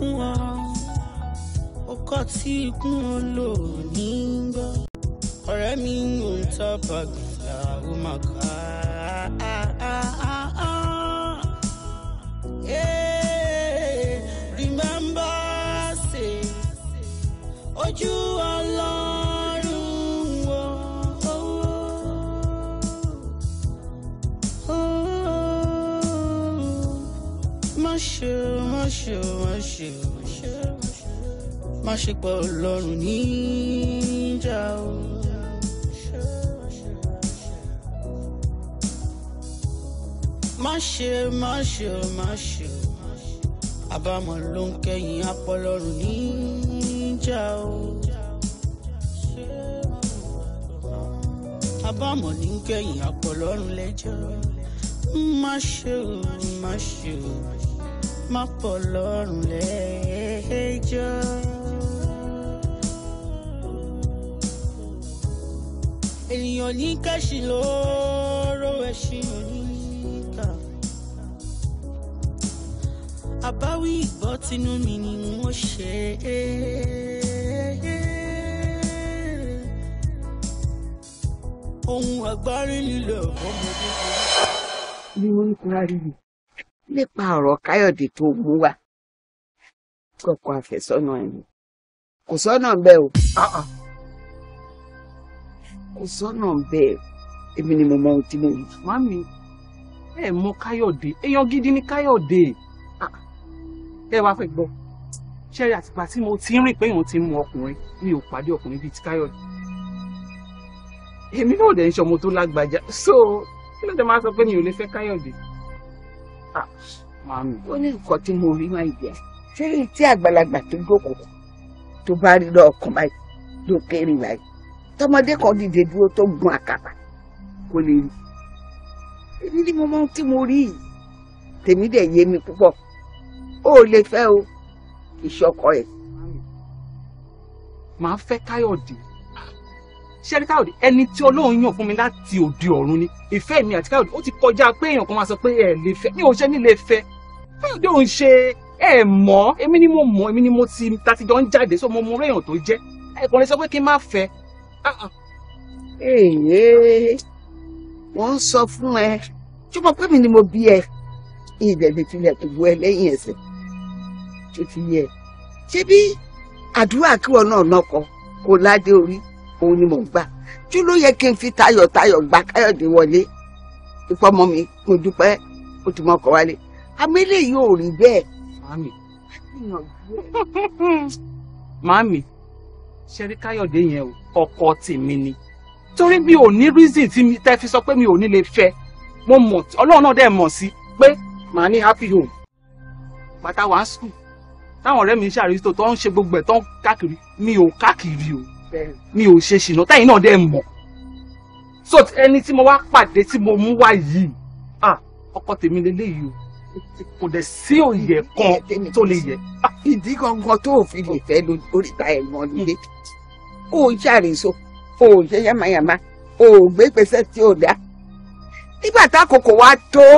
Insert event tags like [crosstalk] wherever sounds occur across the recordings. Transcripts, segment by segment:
fún ọ ọkọ tí ikún ọ lò ní gbọ́ ọ̀rẹ́ mi ń tọ́ bàgbà ó máa ká. ṣe o má ṣe pọ̀ lọ́rùn níjà o. má ṣe má ṣe o má ṣe o àbámọ̀ ló ń kẹ́yìn apọlọ́run níjà o. àbámọ̀ ní kẹ́yìn apọlọ́run lẹ́jọ́ má ṣe o má ṣe o má pọ̀ lọ́rùn lẹ́jọ́. ènìyàn ní kẹ́sì lóró ẹṣin oníkà. àbáwí ìgbọ́ tinú mi ni wọ́n ṣe é. ohun àgbárí lílẹ̀ ọmọdé. bí orí kura rí mi nípa ọ̀rọ̀ káyọ̀dé tó mú wa kọkọ àfẹ́sọ́nà ẹ̀ ni kò sọ́nà bẹ́ẹ̀ o kò sọ́nà bẹ́ẹ̀ èmi ni mo mọ ohun tí mo yìí. mami ẹ mọ káyọ̀dé èèyàn gidi ni káyọ̀dé ẹ wá fẹ́ gbọ́ ṣẹ́rí àtìpá tí mo ti ń rìn pé èèyàn ti ń mu ọkùnrin mi ò pàdé ọkùnrin bíi ti káyọ̀dé èmi náà dẹ̀ ń ṣọmọ tó lágbájá so kí ló dé máa sọ pé mi ò lè fẹ́ káyọ̀dé. Ah, ó ní nǹkan tí mo rí máa yẹ ṣé tí àgbàlagbà tó jókòó tó bá rí lọ́ọ̀kan báyìí ló kéré báyìí tọmọdé kan dìde dúró tó gun àkàbà kò lè rí èmi ni mo mọ ohun tí mo rí yìí tèmi dẹ̀ yé mi púpọ̀ ó lè fẹ́ o ìṣọkọ ẹ̀. màá fẹ́ káyọ̀dé ṣẹ́rí káyọ̀dé ẹni tí ọlọ́run yàn fún mi láti òde ọ̀run ni ìfẹ́ mi àti káyọ̀dé ó ti kọjá pé èèyàn kan máa sọ pé ẹ lè fẹ́ ní òṣẹ́ nílé fẹ́ káyọ̀dé òun ṣe ẹ mọ̀ èmi ni mo mọ̀ èmi ni mo ti tatijọ́ ń jáde so mo mọ orí èèyàn tó jẹ́ ẹ̀kọ́ni sọ pé kí n má fẹ́. èyí wọ́n sọ fún ẹ ṣùgbọ́n pé mi ni mo bí ẹ ilẹ̀ lè tilẹ̀ kò bu ẹ lẹ́yìn ẹsẹ̀ tó ti yẹ ṣé bí àdúrà kí wọn náà nọkọ kò ládé orí òun ni mò ń gbà tí ló yẹ kí n fi tayọ̀tayọ̀ gba káyọ̀dé wọlé ìpọ́nmọ́ mi kún dúpẹ́ ó ti mọ́ ọkọ̀ wálé amẹ́lẹ̀ yóò rí bẹ́ẹ̀. màmí màmí ṣẹ́rí yẹn o ọkọ tèmi ni torí mi ò ní reason tí tẹ́ fi sọ pé mi ò ní lè fẹ́ mo mọ̀ ọlọ́run náà dẹ̀ mọ̀ sí pé màá ní happy home pátá wàá sùn táwọn ọ̀rẹ́ mi ń ṣàrísítò tó ń ṣe gbogbo ẹ̀ tó ń káàkiri mi ò káàkiri o mi ò ṣe ṣìnà táyìn náà dẹ̀ mọ̀ so ẹni tí mo wá pàdé tí mo mú wá yìí ah ọkọ tèmi lélẹ́yìí o kò de sí òye kan tó lè yẹ. ìdí gangan tó o fi lè fẹ́ lóríta ẹ̀wọ̀n nílé o ń ṣàrìnso o ń ṣe yamayama o ò gbé pèsè tí o dá nígbà tákòkò wa tó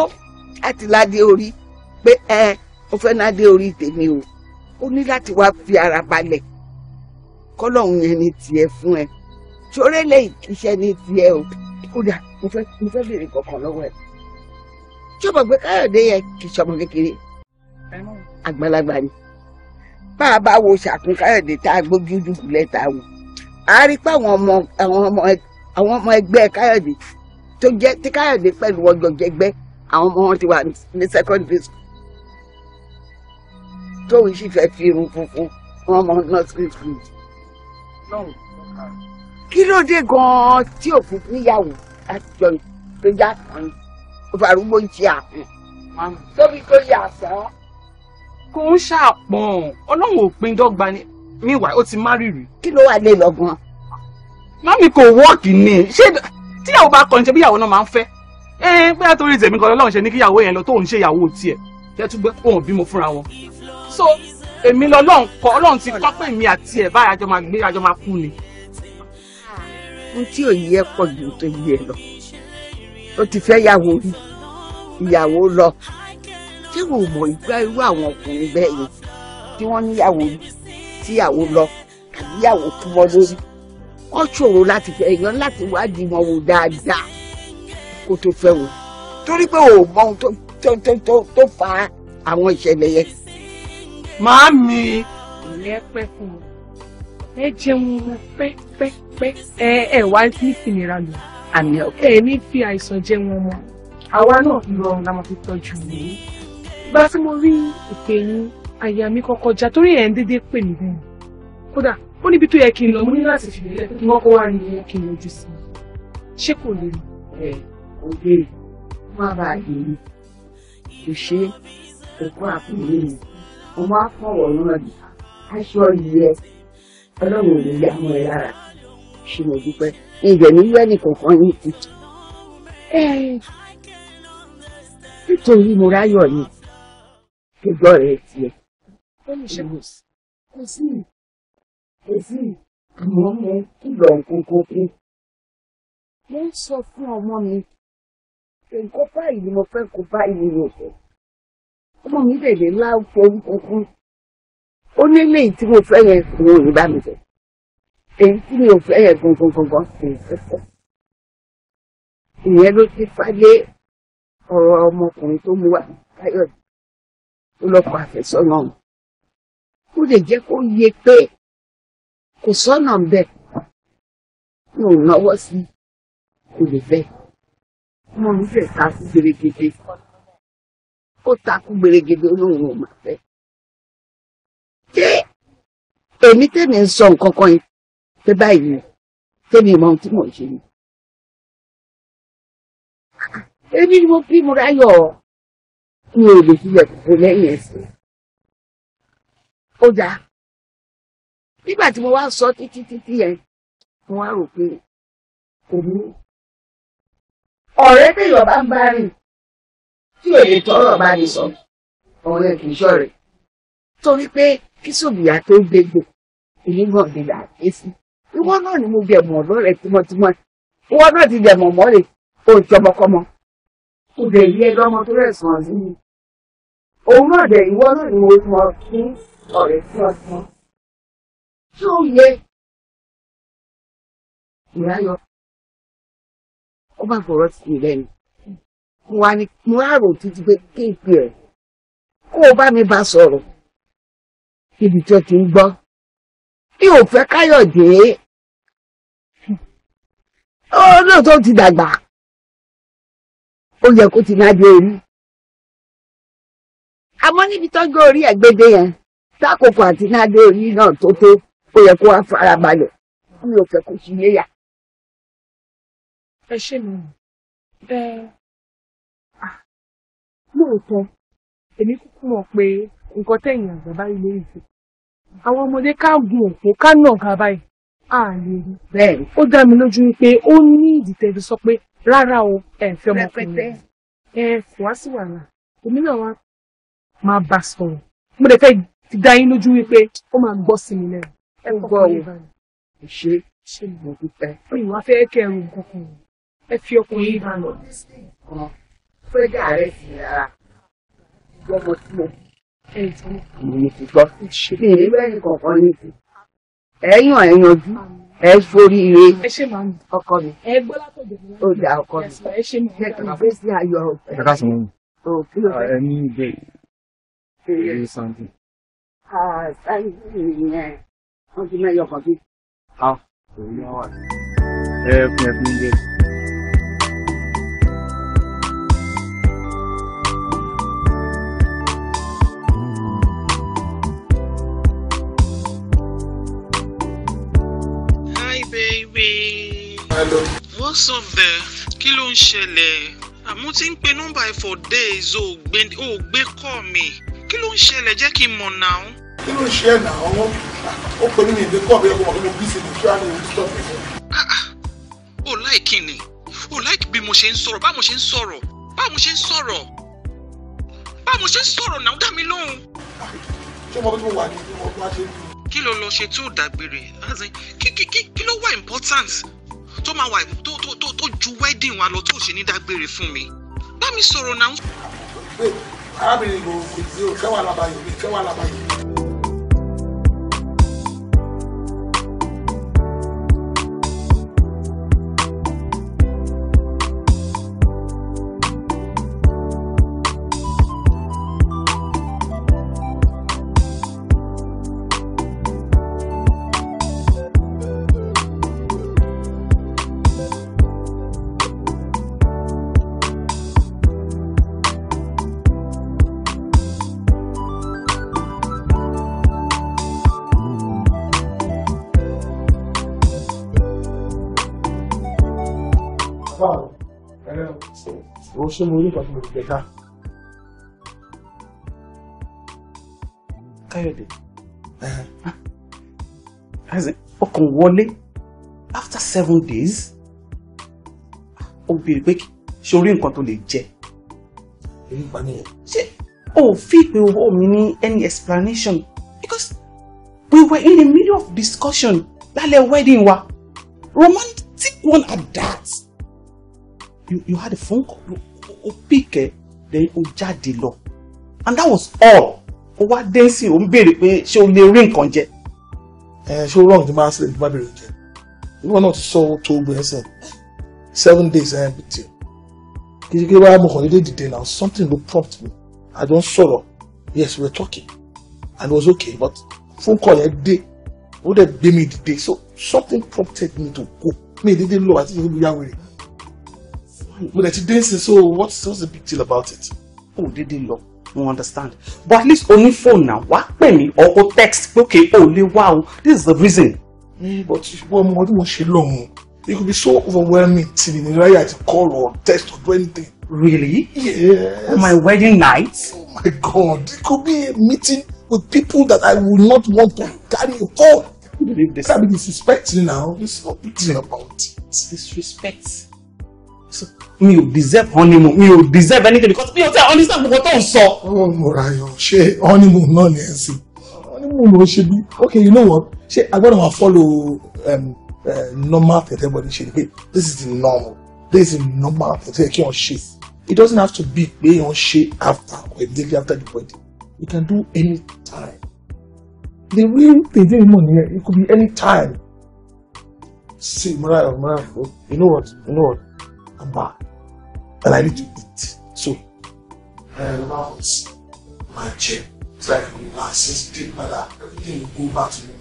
láti ládé orí pé ẹ o fẹ́ ládé orí tèmi o o ní láti wá fi ara balẹ̀ kọ́lọ́hún yẹn ní tiẹ̀ fún ẹ ṣoré lè iṣẹ́ ní tiẹ̀ o kódà mo fẹ́ mo fẹ́ bèrè kankan lọ́wọ́ ẹ ṣọmọ pé káyọ̀dé yẹ kì í ṣọmọ kékeré àgbàlagbà ni bá a bá wo ṣàkún káyọ̀dé tá a gbójú dùkú lẹ́ta wò a rí pé àwọn ọmọ àwọn ọmọ àwọn ọmọ ẹgbẹ́ káyọ̀dé tó jẹ́ tí káyọ̀dé pẹ̀lú ọjọ́ jẹgbẹ́ àwọn ọmọ wọn ti wà ní secondary school tóun sì fẹ́ fi irun funfun wọn mọ nursery school kí ló dé gan-an tí òfin níyàwó àtijọ́ ìgbéyà kan ìfarúgbó ń ṣe àpọ̀n tóbi tó yà sàn. kò ń ṣàpọ̀n ọlọ́run ò pin dọ́gba ni ó ti má rírì. kí ló wà lé lọ́gbọ́n. mami kò wọ́ọ̀kì ni ṣé tíyàwó bá kọrin ṣe bí ìyàwó náà máa ń fẹ́ ẹ bóyá torí tèmi kan lọ́lọ́run ṣe ní kíyàwó yẹn lọ tóun ṣe ìyàwó tiẹ̀ kẹ́tùgbẹ́ òun bímọ fúnra wọn. so èmi lọ́lọ́run kọ́ ọlọ́run ti kọ́ pé èmi àti ẹ̀ báyìí àjọ máa gbé àjọ máa kú ni. Ah, ohun tí ò yẹ pọ̀ ju tó yẹ lọ ó ti fẹ́ yàwó rí ìyàwó lọ ṣé wò mọ̀ ìgbà irú àwọn ọkùnrin bẹ́ẹ̀ yẹn tí wọ́n níyàwó rí tíyàwó lọ tàbí yàwó kú mọ́ lórí wọ́n ṣòro láti fẹ́ yan láti wádìí wọn wò dáadáa kó tó fẹ́ wọn torí pé ò mọ ohun tó fa àwọn ìṣẹ̀lẹ̀ yẹn. Màámi. Ìlẹ́ pẹ́ fún mi. Ẹ jẹun ọmọ pẹ́pẹ́pẹ́. Ẹ ẹ wá ní ìnira lò. Àmì ọ̀kẹ́. Ẹ ní fi àìsàn jẹun ọmọ. Àwa náà fi rọrùn la máa fi tọ́jú yìí. Ìgbà tí mo rí ìpè yín, àyà mi kọ́kọ́ já torí ẹ̀ ń dédé pè mí bẹ́ẹ̀. Kódà, ó níbi tó yẹ kí n lọ, mo ní láti fi lè lẹ́kọ̀ọ́ kí wọ́n kó wá rí iye kí n yọjú sí i. Ṣé kò lè rí? Ẹ ò lè rí. Má bàa yé mi. Kò ṣe é, òkú àpò lè rí ọmọ akọ̀wọ̀ náà yìí aṣọ yìí ẹ ò yá mọ́ ẹ lára ṣe mo dúpẹ́ ìgbẹ̀ ní yẹ́nì yín ti nítorí mo ráyọ̀ yìí gbígbọ́ rẹ̀ tiẹ̀. kò sí kò sí àmọ́ mo kìlọ̀ kókó pé mo ń sọ fún ọmọ mi nǹkan báyìí ni mo fẹ́ kó báyìí ni mo fẹ́ ọmọ mi dèdè ńlá fọwọ́ kúkú ó ní eléyìí tí mo fẹ́ yẹn wọn ò ní bá mi jẹ èyí tí mi ò fẹ́ yẹn gangan gangan sì ń fẹ́fẹ́ ìyẹn ló ti fáyé ọ̀rọ̀ ọmọkùnrin tó mú wa káyọ̀dé tó lọ́kọ̀ àfẹ́sọ́nà ọ̀hún ó lè jẹ́ kó yé pé kò sọ́nà ń mi ò náwó sí kò ọmọ mi fẹ́ ká sí gbèrègbèdè ó takú gbèrègèdè olóhùn ò máa fẹ́. ṣé èmi tèmi ń sọ nǹkan kan yìí pé báyìí tèmi mọ ohun tí mò ń ṣe ni. èmi ni mo fi múra yọ mi ò lè filẹ̀ kókó lẹ́yìn ẹ̀sìn. ó dáa nígbà tí mo wá sọ títí títí yẹn mo wá rò pé kò ní. ọ̀rẹ́ tèèyàn bá ń bá rìn tí èlé tọrọ bá lè sọ ọ̀rẹ́ kì í ṣọ̀rẹ́ torí pé kí sòmìyà tó gbégbò èyí náà lè là ké sí ìwọ náà ni mo bẹ̀ mọ́ ọ̀rọ̀ rẹ tímọ́tímọ́ ìwọ náà ti bẹ̀ mọ́ mọlẹ òun tọmọkọmọ kò dẹ̀ yí ẹjọ́ ọmọ tó rẹ̀ sàn sí mi òun náà dẹ̀ ìwọ náà ni mo mọ kí ọ̀rẹ́ sí ọsàn tí ó yẹ ìyá yọ ó bá fọ̀rọ̀ sí mi mo wá ní mo wá rò títí pé kéèpì ẹ̀ kó o bá mi bá sọ̀rọ̀ níbi tí ó ti ń gbọ́ mi o fẹ́ káyọ̀dé ó lóòótọ́ ti dàgbà ó yẹ kó ti náà dé orí àmọ́ níbi tọ́jú orí ẹ̀gbẹ́dẹ́ yẹn tákòkò àti náà dé orí náà tó tó ó yẹ kó wá farabalẹ̀ mi ò fẹ́ kó ṣe léyà. ẹ ṣe mi ẹ lóòótọ́ èmi kúkú mọ̀ pé nǹkan tẹ̀yìn àgbà báyìí lè ṣe àwọn ọmọdé ká gun òpó ká nà ká báyìí a lè rí bẹ́ẹ̀ ó dá mi lójú pé ó ní ìdìtẹ̀bí sọ pé rárá o ẹ fẹ́ ọmọkùnrin ẹ kò wá sí wàhálà èmi náà wá máa bá sọ̀rọ̀ mo dẹ̀ fẹ́ ti dá yín lójú wípé ó máa gbọ́ sí mi lẹ́nu ẹ gbọ́ o ẹ ṣe ṣe ìwọ pípẹ́. ìwà fẹ́ kẹrù nǹkan kan ẹ fi ọkùnrin yìí bá lọ fẹ́jà rẹ̀ sì rárá gbọ́mọ tí mo fi tí mo ti gbọ́ mi ní bẹ́ẹ̀ kankan ní ti ẹ̀yàn ẹ̀yànjú ẹ̀ sórí ire ọkọ mi ó dà ọkọ mi jẹ́ kí n gbé sí ayọ̀ ọ̀fẹ́. ẹ̀ka sọ̀rọ̀ mi ẹ̀ ní ibẹ̀ ẹ̀ sanji. sanji yẹn wọ́n ti mẹ́yọ̀ kan bí. ẹ fún ẹ fún ilé. what's up there kí ló ń ṣẹlẹ̀ àmú tí ń pe nọ́mbà ẹ̀ for days ò gbé kọ́ mi kí ló ń ṣẹlẹ̀ jẹ́ kí n mọ̀ náà. kí ló ń ṣe ẹ̀ náà wọ́n ó pè mí ní ìgbé kọ́ mi ọkọ̀ mọ̀ pé mo bí sí ní kí wàá ní ìlú stop mi. ó ah, ah. láìkí ni ó láìkí bí mo ṣe ń sọ̀rọ̀ báwo ṣe ń sọ̀rọ̀ báwo ṣe ń sọ̀rọ̀ báwo ṣe ń sọ̀rọ̀ náà dá mi lóhùn. ṣé mo bí mo wà ní ìlú tó máa wà tó tó tó tó ju wedding wa lọ tó ṣe ní dágbére fún mi bá mi sọ̀rọ̀ náà. arábìnrin kò kò tí ò fẹ́ wà lábàáyé fẹ́ wà lábàáyé. ṣé mo rí nǹkan tí mo lè jẹ ká. káyọ̀dé ọkàn wọlé after seven days ó béèrè pé ṣé o rí nǹkan tó lè jẹ. èyí pa nìyẹn. ṣé o fi ìpè owó mi ní any explanation because we were in the middle of discussion lálẹ́ wedding wa romantic one at that. You, you had a phone call o pick ẹ then o jáde lọ and that was all o wá dé sí o ń béèrè pé ṣé o lè rí nǹkan jẹ. ẹ ṣé o wrong ti máa ṣe ìdí bá bèrè jẹ ìwọ náà ti sọ tó gbé ẹsẹ seven days ẹ bí tiẹ kìkìkì wàá mo kàn déédéé dìde now something go prompt me i don sọ̀rọ̀ yes we were talking and it was okay but phone call yẹn dé ó dẹ̀ gbé mi dìde so something prompted me to go mi déédéé lọ àti ìdílé mi yá wèrè. But dẹ̀ ti dé so what's what's the big deal about it. Oh, they didn't lọ mo understand but at least only phone now. What? wàá pè or o text okay Only. Wow. this is the reason. Eh, but wọ́n mọ ọdún wọn ṣe lọ́hùn it could be so overwhelming till you know i call or text or do anything. really? yes. on my wedding night. oh my god it could be a meeting with people that i would not want to carry a phone. I believe this. I mean, disrespect now. It's not big deal about it. Disrespect mi ò deserve honeymoon mi ò deserve anything because mi ò tẹ́ understand gbogbo tó ń sọ. ó múra yọ ṣé honeymoon náà ni ẹ honeymoon ló ṣe bí okay you know what ṣé agbọ́dọ̀ máa follow um, uh, normal tẹ̀tẹ̀ body ṣe ni pé this is the normal this is the normal tẹ̀tẹ̀ kí wọ́n ṣe it doesn't have to be pé wọ́n ṣe after or immediately after the wedding you can do any time the real thing dey mọ̀ nìyẹn it could be any time see múra yọ múra yọ you know what you know what. I'm back. And I need to eat. So, uh, eh, mouth, my chair. It's like relaxes, deep matter. Everything will go back to me.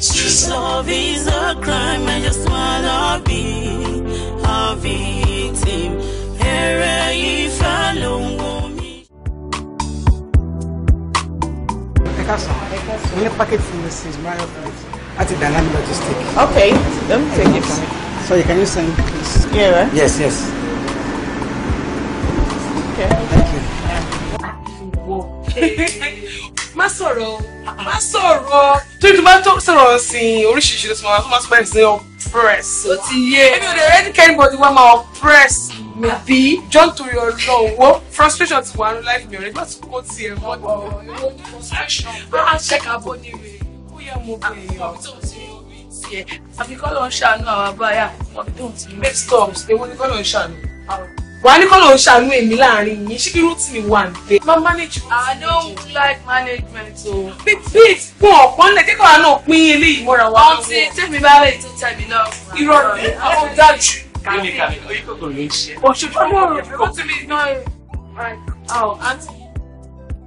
Stress. Love is a crime, and just wanna be a victim. Here if I don't go me. Picasso, Picasso. packet from Mrs. Mario Flight at the Dynamic Logistics. Okay, let me take it. Sorry, can you send, please? Yeah, right? Yes, yes. Okay. Thank you. [laughs] Má sọ̀rọ̀, má sọ̀rọ̀. Torí tó bá tó sọ̀rọ̀ sí oríṣiríṣi lóṣù máa máa sọ̀rọ̀ sí oppress. Ó ti yé. Èmi ò lè rẹ́ ní kẹ́nìbọ̀dì oppress mi bí. John torí ọ̀rọ̀ owó frustration ti wà life mi ọ̀rẹ́ nígbà tí kò tiẹ̀ mọ́. Ọ̀rọ̀ ah, ah, owó tiẹ̀ àfi kọ́lọ̀ ń ṣàánú àwọn abáyà wọn tó ń ti mú. make stops ewu ni kọ́lọ̀ ń ṣàánú. wà á ní kọ́lọ̀ ń ṣàánú èmi láàrin yìí ṣé kí rúùtì mi wà nílé. má manage rúùtì. I don't like management o. bíbí fún ọ̀pọ̀n lẹ̀ kíkọ́ àánú pín eléyìí mọ́ra wa. ọtí tèmi bá rẹ̀ tó tẹ̀mí náà. ìrọ̀rùn àwọn dájú. kí ni kàmí oyún kò kò ló ń ṣe. òṣèlú ọlọ́run ló ti mi náà. Oh, auntie,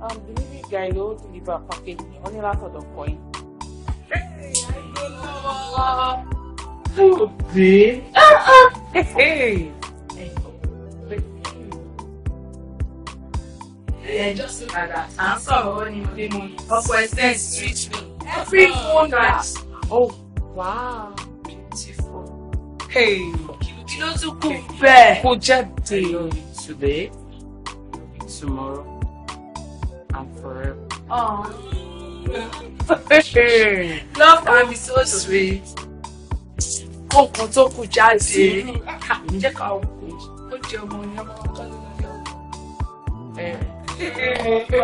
um, delivery guy ló deliver package ní onílàtọ̀dọ̀ kọ́ yìí hey. Ẹ just look at that. I'm ń sọ̀rọ̀ ó ní ilé mu. me. Every phone that. Oh wow. Beautiful. Hey. Kí don't tún kù Today, tomorrow, and forever. Oh. [laughs] Love can be so sweet. Kọ̀ọ̀kan tó kù jáde. Jẹ́ ká o kù. Ó jẹ ọmọ ní ọmọ ọkọ lórí ọkọ.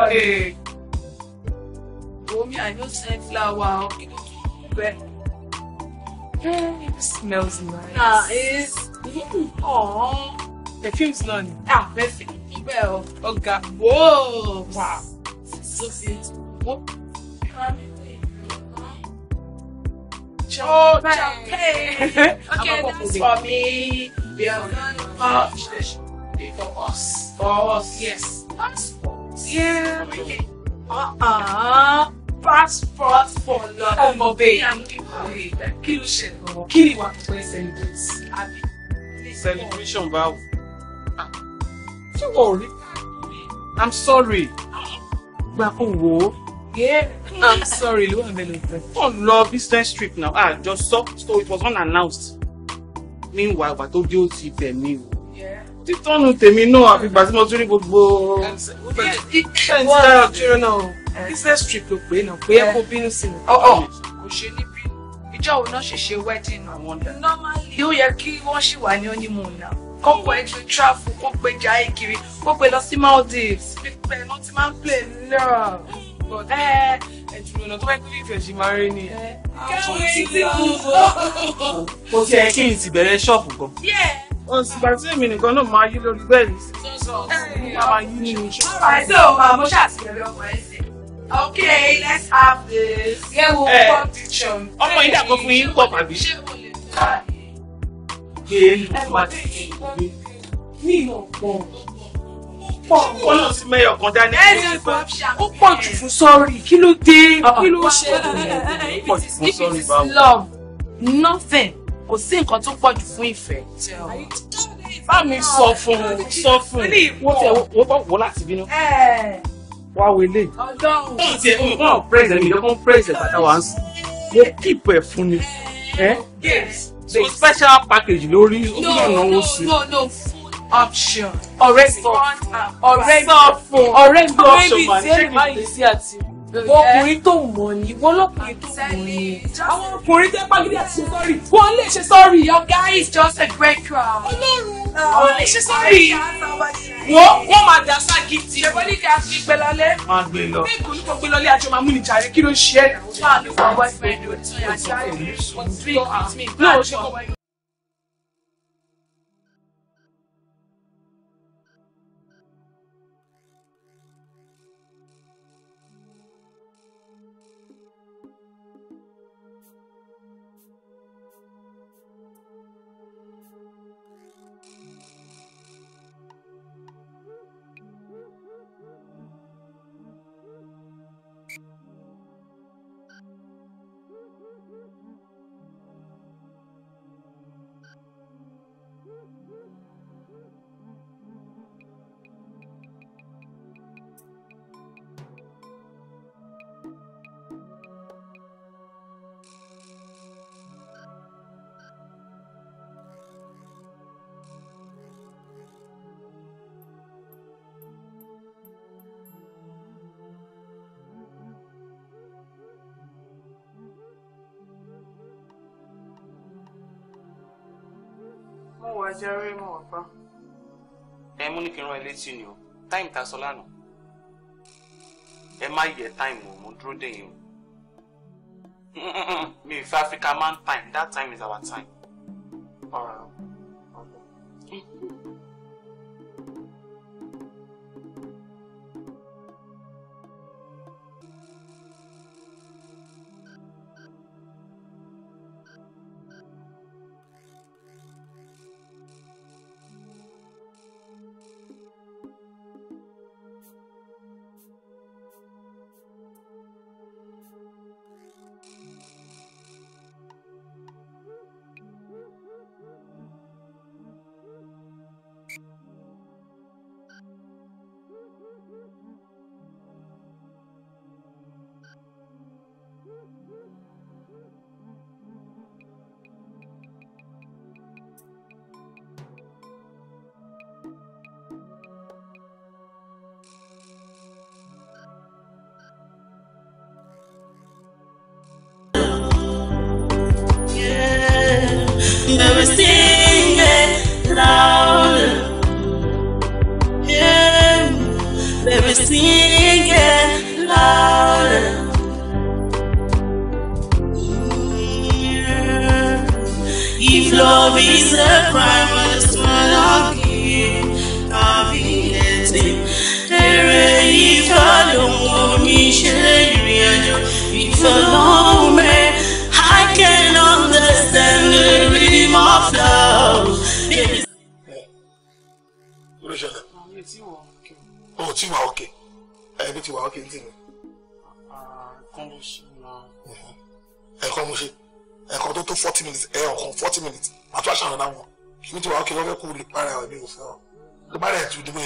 Omi àyọ̀ sunflower ọ̀kì ló tún bẹ̀. It smells nice. Ah, it's... Mm-hmm. Aww. Perfumes náà ni. Ah, perfume. Bẹ́ẹ̀ o. Ọ̀gá. Whoa. Wow. So beautiful. Whoa. Joe Champagne. Okay, that's for me. We are going to watch for us. For us. Yes. Passports. Yeah. Uh-uh. Passports for love. I'm obeying. I'm giving Kí ló ṣe lọ? Kí ni wàá pẹ́ celebrate? Àbí? Celebration báwo? Ah, ṣé wọ́n I'm sorry. Gbà kó wò Yeah, I'm sorry, ló wà mélòó fẹ́. Wọ́n business trip now, ah, just so so it was unannounced. Meanwhile, but tó dé ó ti bẹ̀ mí o. Títọ́nu tèmi náà àfi ìgbà tí mo tún ní gbogbo. Wọ́n ṣe náà. Business trip ló pé náà, pé kó bínú sí mi. Oh, oh. Kò Normally, you are key wọ́n ṣì wà ní honeymoon náà kọ́kọ́ ẹ ti travel kó gbé jayé kiri kó gbé lọ sí Maldives pípẹ́ ló ti máa ń play love but eh, eh, eh, ah, ti [laughs] ẹ kí n ti bẹ̀rẹ̀ ṣọ́ọ̀bù gan. òsìgbà tí èmi nìkan náà máa yí lórí bẹ́ẹ̀lì sí. máa yí nínú ṣọ́ọ̀bù. àìsàn ò máa mú ṣàtìlẹ́yìn ọmọ ẹ̀sìn. Okay, let's have this. Yeah, we'll Ọmọ yìí dàgbọ́ fún yín pọ̀ pàbí. Ṣé mo lè gbà? Gbé e lù wá sí ìgbé. Ní ìmọ̀ pọ̀ pọ̀ wọn náà sì mẹ́yọ̀ kan dání. ó pọ̀ jù fún sọ́ọ̀rì kí ló dé ah, ah. kí ló ṣe é. pọ̀ jù fún sọ́ọ̀rì báwo. nothing kò sí nǹkan tó pọ̀ jù fún ìfẹ́. bá mi sọ fún un sọ fún un wọ́n tẹ wọ́n wọ́n láti bínú eh. wá wele. ọdọ́run. wọ́n ti ẹ̀ wọ́n pẹ́sẹ̀ mi lọ́kàn pẹ́sẹ̀ bàtà wá ń sùn. mo kíìpù ẹ̀ fún ni. Eh. Eh? so special package lórí ọ̀nà owó sí option. ọ̀rẹ́ sọ ọ̀rẹ́ sọ fún ọ̀rẹ́ gbọ́ ọ̀ṣọ́ máa ń ṣe kìí sí àti wọn ọkùnrin tó mọ̀ ni wọn lọkùnrin tó mọ̀ ni àwọn ọkùnrin tó pàgídí àti ṣe sọ́ọ̀rì wọn lè ṣe sọ́ọ̀rì. your guy is just a great crowd. ọlọ́run wọn lè ṣe sọ́ọ̀rì wọ́n wọ́n máa dà sá gidi. ṣèbọ́ ní kí a fi gbẹ lọlé. máa gbé lọ. bí kò ní kò gbé lọlé àjọ máa mú ní jàre kí ló ń ṣe é. wọ́n á lè wọ́n boyfriend rẹ̀ tí wọ́n yà á ṣe àyè. no ṣe kọ́ mo wà jàre mo wà pa. ẹ mú ní kí n rán ẹ létí ni o táìmù tá a sọ lánàá ẹ má yẹ táìmù o mo dúró dè o [laughs] mi fẹ́ Africa man time that time is our time.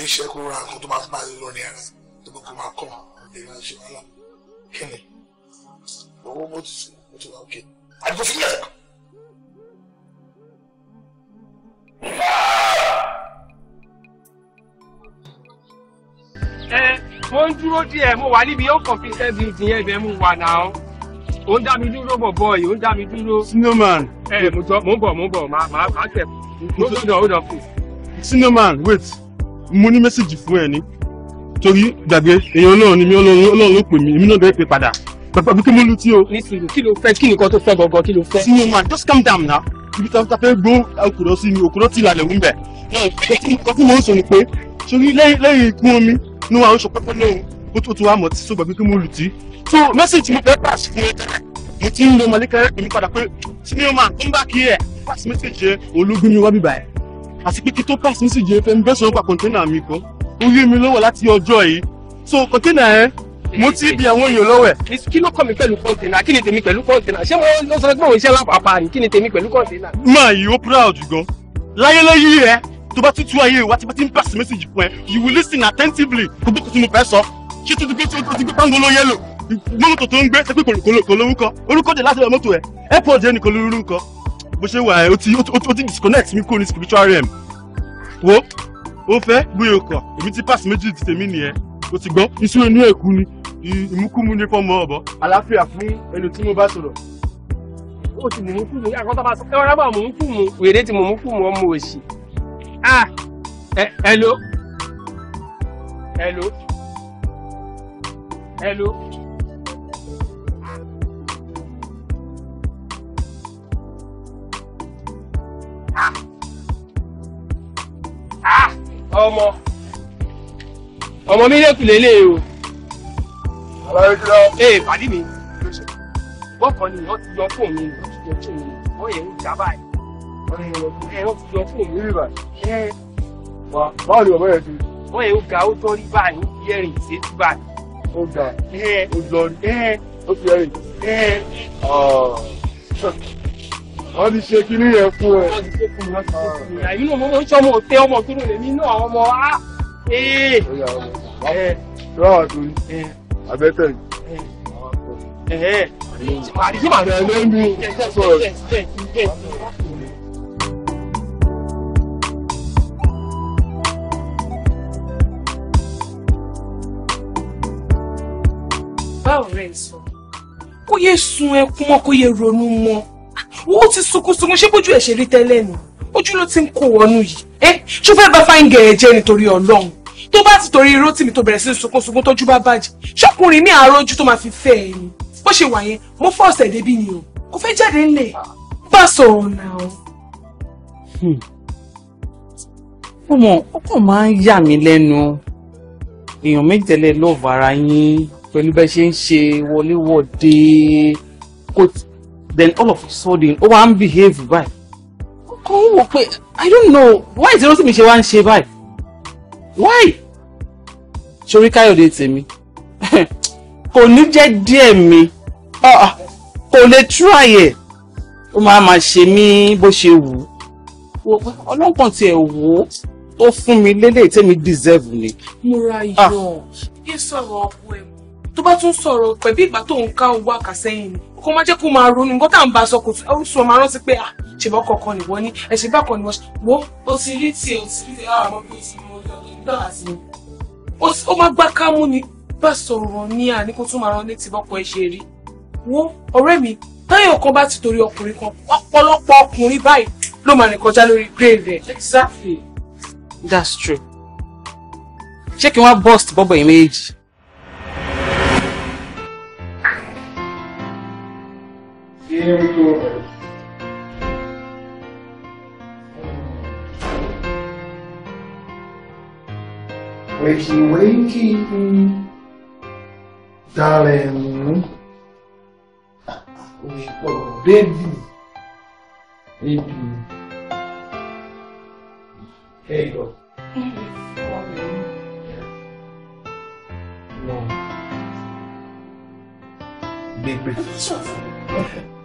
iṣẹ́ kó ra nǹkan tó máa fún báyìí lórí ẹ̀rọ tó bá kó máa kọ́ ìrìn àjò wàhálà kí ni owó bó ti sùn bó ti wà òkè àdìgbò sílẹ̀. ẹ mo ń dúró díẹ̀ mo wà níbi yóò kàn fi ẹbí ìdíyẹn ibẹ̀ mo wà náà ó ń dá mi dúró bọ̀bọ̀ yìí ó ń dá mi dúró. snowman. ẹ mo ń bọ̀ mo ń bọ̀ máa máa tẹ̀. hold on hold on please. snowman wait mo ní mẹ́sàgì fún ẹ ni torí gbàgbé èèyàn náà ni mi ọlọ́run ló pè mí èmi náà bẹ́ẹ̀ pè padà bàbá bí kí mo lu tí o. nísìnyí kí ló fẹ́ kí nìkan tó fẹ́ gangan kí ló fẹ́. sinmi man just calm down na ibi tá a fẹ́ gbó okùnrin sí mi okùnrin ti lálẹ́ wúńbẹ̀. nǹkan mo ń sọ ni pé sori lẹ́yìn ikú omi ni wọn aṣọ pẹ́pẹ́ lóhun ó tó tó wà mọ̀ tí so gbàgbé kí mo lu tí. so message mi fẹ́ pass fún ẹ tẹ́lẹ̀ mo ti ń lo mọ̀lẹ́kẹ́rẹ́ pè padà pé sinmi man come back here pass message ológun mi àti pé kí tó pass ní síje fẹ́ mi bẹ́ẹ̀ sọ̀rọ̀ pa kọ̀ńténà mi kan ó yé mi lọ́wọ́ láti ọjọ́ yìí so kọ̀ńténà ẹ mo ti bi àwọn èèyàn lọ́wọ́ ẹ̀. kí ló kọ́ mi pẹ̀lú kọ́ńténà kí ni tèmi pẹ̀lú kọ́ńténà ṣé wọ́n lọ sọ pé òun iṣẹ́ lápapà ni kí ni tèmi pẹ̀lú kọ́ńténà. máa yìí ó proud gan láyé lẹ́yìn rẹ tó bá tútù ayé wa tí bá ti ń pass message fún ẹ you will listen attentively gbogbo kò tí mo fẹ́ sọ ṣé tó ti gbé tó ti gbé pangolo yẹlò mọ́tò tó ń gbé ṣe pé kòlòkòlò orúkọ orúkọ dè láti ẹ̀ mọ́tò ẹ̀ airport yẹn ni kò lórúkọ bó ṣe wà ẹ́ o ti o ti disconnect mi kúrò ní spiritual realm wo o fẹ́ gbóyè kọ̀ èmi ti pass méjì ti tèmi nìyẹn o ti gbọ́ iṣu inú ẹ̀kú ni ìmúkúmu ní fọ́ọ̀mù ọ̀bọ. àlàáfíà fún ẹni tí mo bá sọ̀rọ̀ ó ti mọ̀mú kùmù àkọ́ tó bá sọ ẹ̀rọ bá mọ̀mú kùmù wèrè ti mọ̀mú kùmù ọmọ òsì. hello hello hello. Ah, ọmọ ọmọ mi lè kùlé lé e o. ee pàdí mi bọ́ọ̀kan ni wọ́n ti yọ fóònù mi wọ́n ti yọ fóònù mi wọ́n yẹ ń jà báyìí wọ́n ti yọ fóònù mi. báwo ni bàbá yẹn ti. wọ́n yẹ ń ga ó tọ́ báyìí ó fi ẹ̀rìn ṣe é tú ó ga ó lọ rí ó fi ẹ̀rìn wọ́n ti ṣe kinní yẹn fún ẹ. Ah. àyìn náà mo mọ̀ ń ṣe ọmọ òtẹ́ ọmọ tó lè mí náà ọmọ á. rárá tó yí abẹ́tẹ̀ yìí. àdìsí màá lè mi sọ̀rọ̀. báwo rẹ̀ sọ kó yẹ sun ẹkún mọ́ kó yẹ ronú mọ́ wọ́n ti sunkúnsunkún ṣé bójú ẹ̀ ṣe rí tẹ́lẹ̀ ni ojú ló ti ń kó wọnú yìí ẹ ṣó fẹ́ bá fáyín gẹ̀ẹ́ jẹ́ nítorí ọlọ́run tó bá ti torí irọ́ tìmí tó bẹ̀rẹ̀ sí sunkúnsunkún tójú bá bàjẹ́ ṣọkùnrin ní àárọ̀ ojú tó máa fi fẹ́ ẹ ni bó ṣe wà yẹn mo fọ́ ọ̀sẹ̀ débi ni o kò fẹ́ jáde ńlẹ̀ bá sọ̀rọ̀ náà. Hmm. ọmọ ọkọ máa ń yà mí lẹ́nu èèyàn méjìlélọ́ọ̀bù ara yín pẹ̀lú bẹ́ẹ̀ ṣe ń ṣe wọléwọ̀de kò then all of a sudden oh, wá ń behave báyìí ọkọ i don't know why is it mi ṣe wá ń ṣe báyìí why ṣorí káyọ̀dé tèmi [laughs] kò ní jẹ́ díẹ̀ mi ah, kò lè try ẹ̀ ó máa ma ṣe mí bó ṣe wù ú ọlọ́pàá tiẹ̀ wò ó tó fún mi lélẹ̀ tẹ́mi deserve ni. mo ra ah. yọ bí sọ̀rọ̀ ọkọ ẹ̀ tó bá tún sọ̀rọ̀ pẹ̀ bí ìgbà tó ń ká kó má jẹ́ kó máa ronú nǹkan tá à ń bá a sọ kò tún ó sọ máa rántí pé ah ṣèbọ̀ kọ̀ọ̀kan nìwọ ni ẹ̀ṣẹ̀ bákan nìwọ wo o ti rí tiẹ̀ o ti rí tiẹ̀ ah, àwọn bí o ti mọ ọjọ́ ìgbà àti ó má gbá kámú ni bá sọ̀rọ̀ ní àní kó tún máa rán létí bọ́kọ ẹ ṣe rí wo ọ̀rẹ́ mi táyọ̀ kan bá ti torí ọkùnrin kan ọ̀pọ̀lọpọ̀ ọkùnrin báyìí ló máa rìn kọjá lórí grave rẹ̀ exactly that's true ṣé kí wọ́n bust bọ́bọ̀ yìí méjèèjì be able to wakey wakey darling oh, baby baby here you go big breakfast [laughs]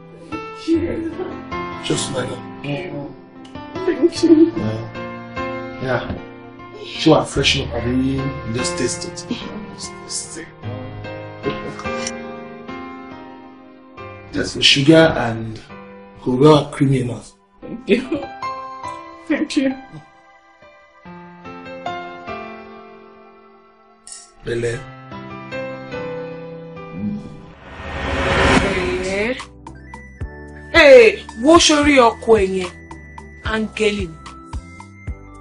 Cheers. Just like that. Thank you. Yeah. Yeah. She was freshen up and really just taste it. Just taste it. There's the sugar and cocoa creamy enough. Thank you. Thank you. Bele. ee eh, wo sórí ọkọ ẹ yẹn áńgẹ́lì ni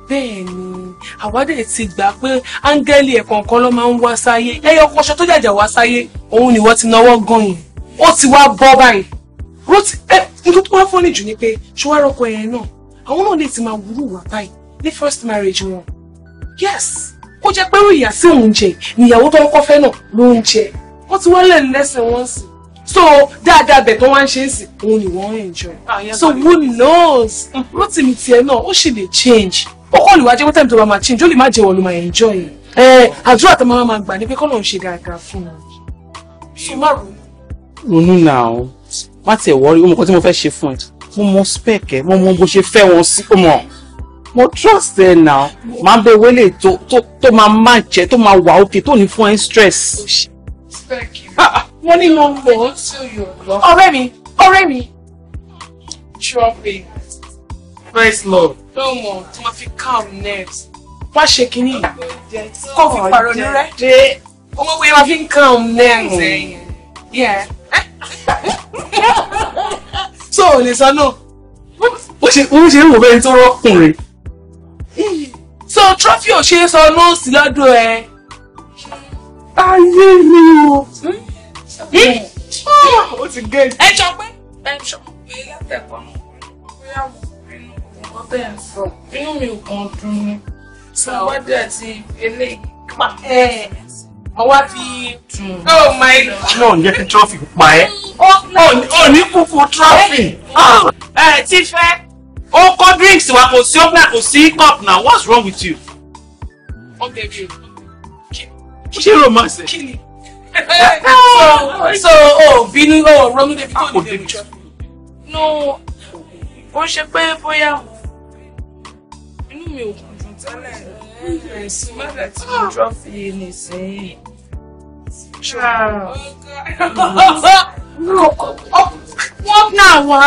bẹ́ẹ̀ ni àwádẹ́ ti gbà pé áńgẹ́lì ẹ̀kọ̀ọ̀kan ló máa ń wá sáyé ẹyọ kọṣọ tó jàjà wá sáyé òun ni wọ́n ti náwó gan yìí ó ti wá bọ́ báyìí rotí ẹ eh, nǹkan tó wá fọ́nì jù ni pé ṣùwárọ̀ ọkọ ẹ̀yẹn náà àwọn náà lè ti máa wúrú wà báyìí ní first marriage wọn yes ó jẹ́ pé ìyà sí òun jẹ níyàwó tó ń kọ́ fẹ́ náà ló ń jẹ wọ́n ti wá lẹ́nu lẹ́sẹ̀ wọ́n sì so dáadáa bẹ̀ tó wá ń ṣe é sí òun ni wọ́n ń enjoy ah, so who knows rotimi tiẹ̀ náà ó sì lè change ó kọ́ lè wá jẹ́ wọ́tẹ́mi tó bá máa change ó lè má jẹ́ wọ́n ló máa enjoy ẹ̀ àdúrà tó máa máa gbà ní pé kọ́ ló ń ṣe dáadáa fún un So má ronú. ronú náà má tiẹ̀ wọ́rí ó mọ nǹkan tí mo fẹ́ ṣe fún ẹ mo mọ spec ẹ mo mọ bó ṣe fẹ́ wọn sí ọmọ mo trust ẹ now máa bẹ wẹlé tó tó máa máa jẹ tó máa wà òkè tó ní fún ẹ stress. Oh, spec ah, ah mo ní mo lọ ọ̀rẹ́ mi ọ̀rẹ́ mi. shopping nice love. don't want to ma fi calm nerves. wá ṣe kínní yìí kó fi pàrọ̀ ní rẹ. owó wo ma fi ń calm nerves hmm. [laughs] ẹ̀yìn. so ò lè sọ náà bó ṣe ń wò bẹ́ẹ̀ tó rọ́kùnrin. so trophy ò ṣe é sọ nóòsì lọ́dọ̀ ẹ. ayé mi o. Hmm? ó ti gé. ẹ jọ pé ẹ jọ pé látẹ̀kọ́ náà bóyá mo rí inú nǹkan tẹ̀ ń sọ inú mi ò kàn dùn ni sọwọ́dẹ̀ àti eléyìí pa ẹ̀ mo wá fi tún. oh my god. náà ń jẹ́ kí trọ́fì pa ẹ́. ó oh ní kúkú trọ́fì. Ah. ẹ ti fẹ́ ó kó drinks wa kò sí opener kò sí cup na what's wrong with you. ó bẹ̀rẹ̀ o. ṣé romance kí ni [laughs] so so oh, o bínú o ronú débi tó lè débi. no ó ṣe pé bóyá inú mi ò kùn dùn tẹ́lẹ̀ ẹ̀sìn mẹ́ta tí mo jọ fi nìsín. ṣáà. wọ́n now, wà.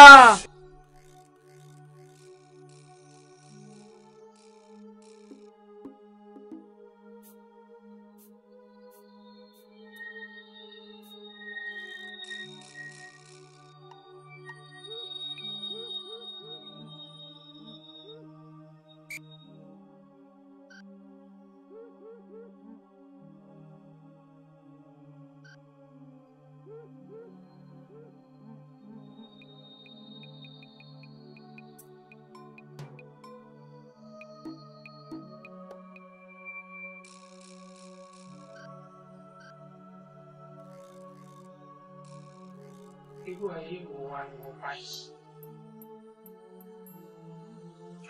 eyes.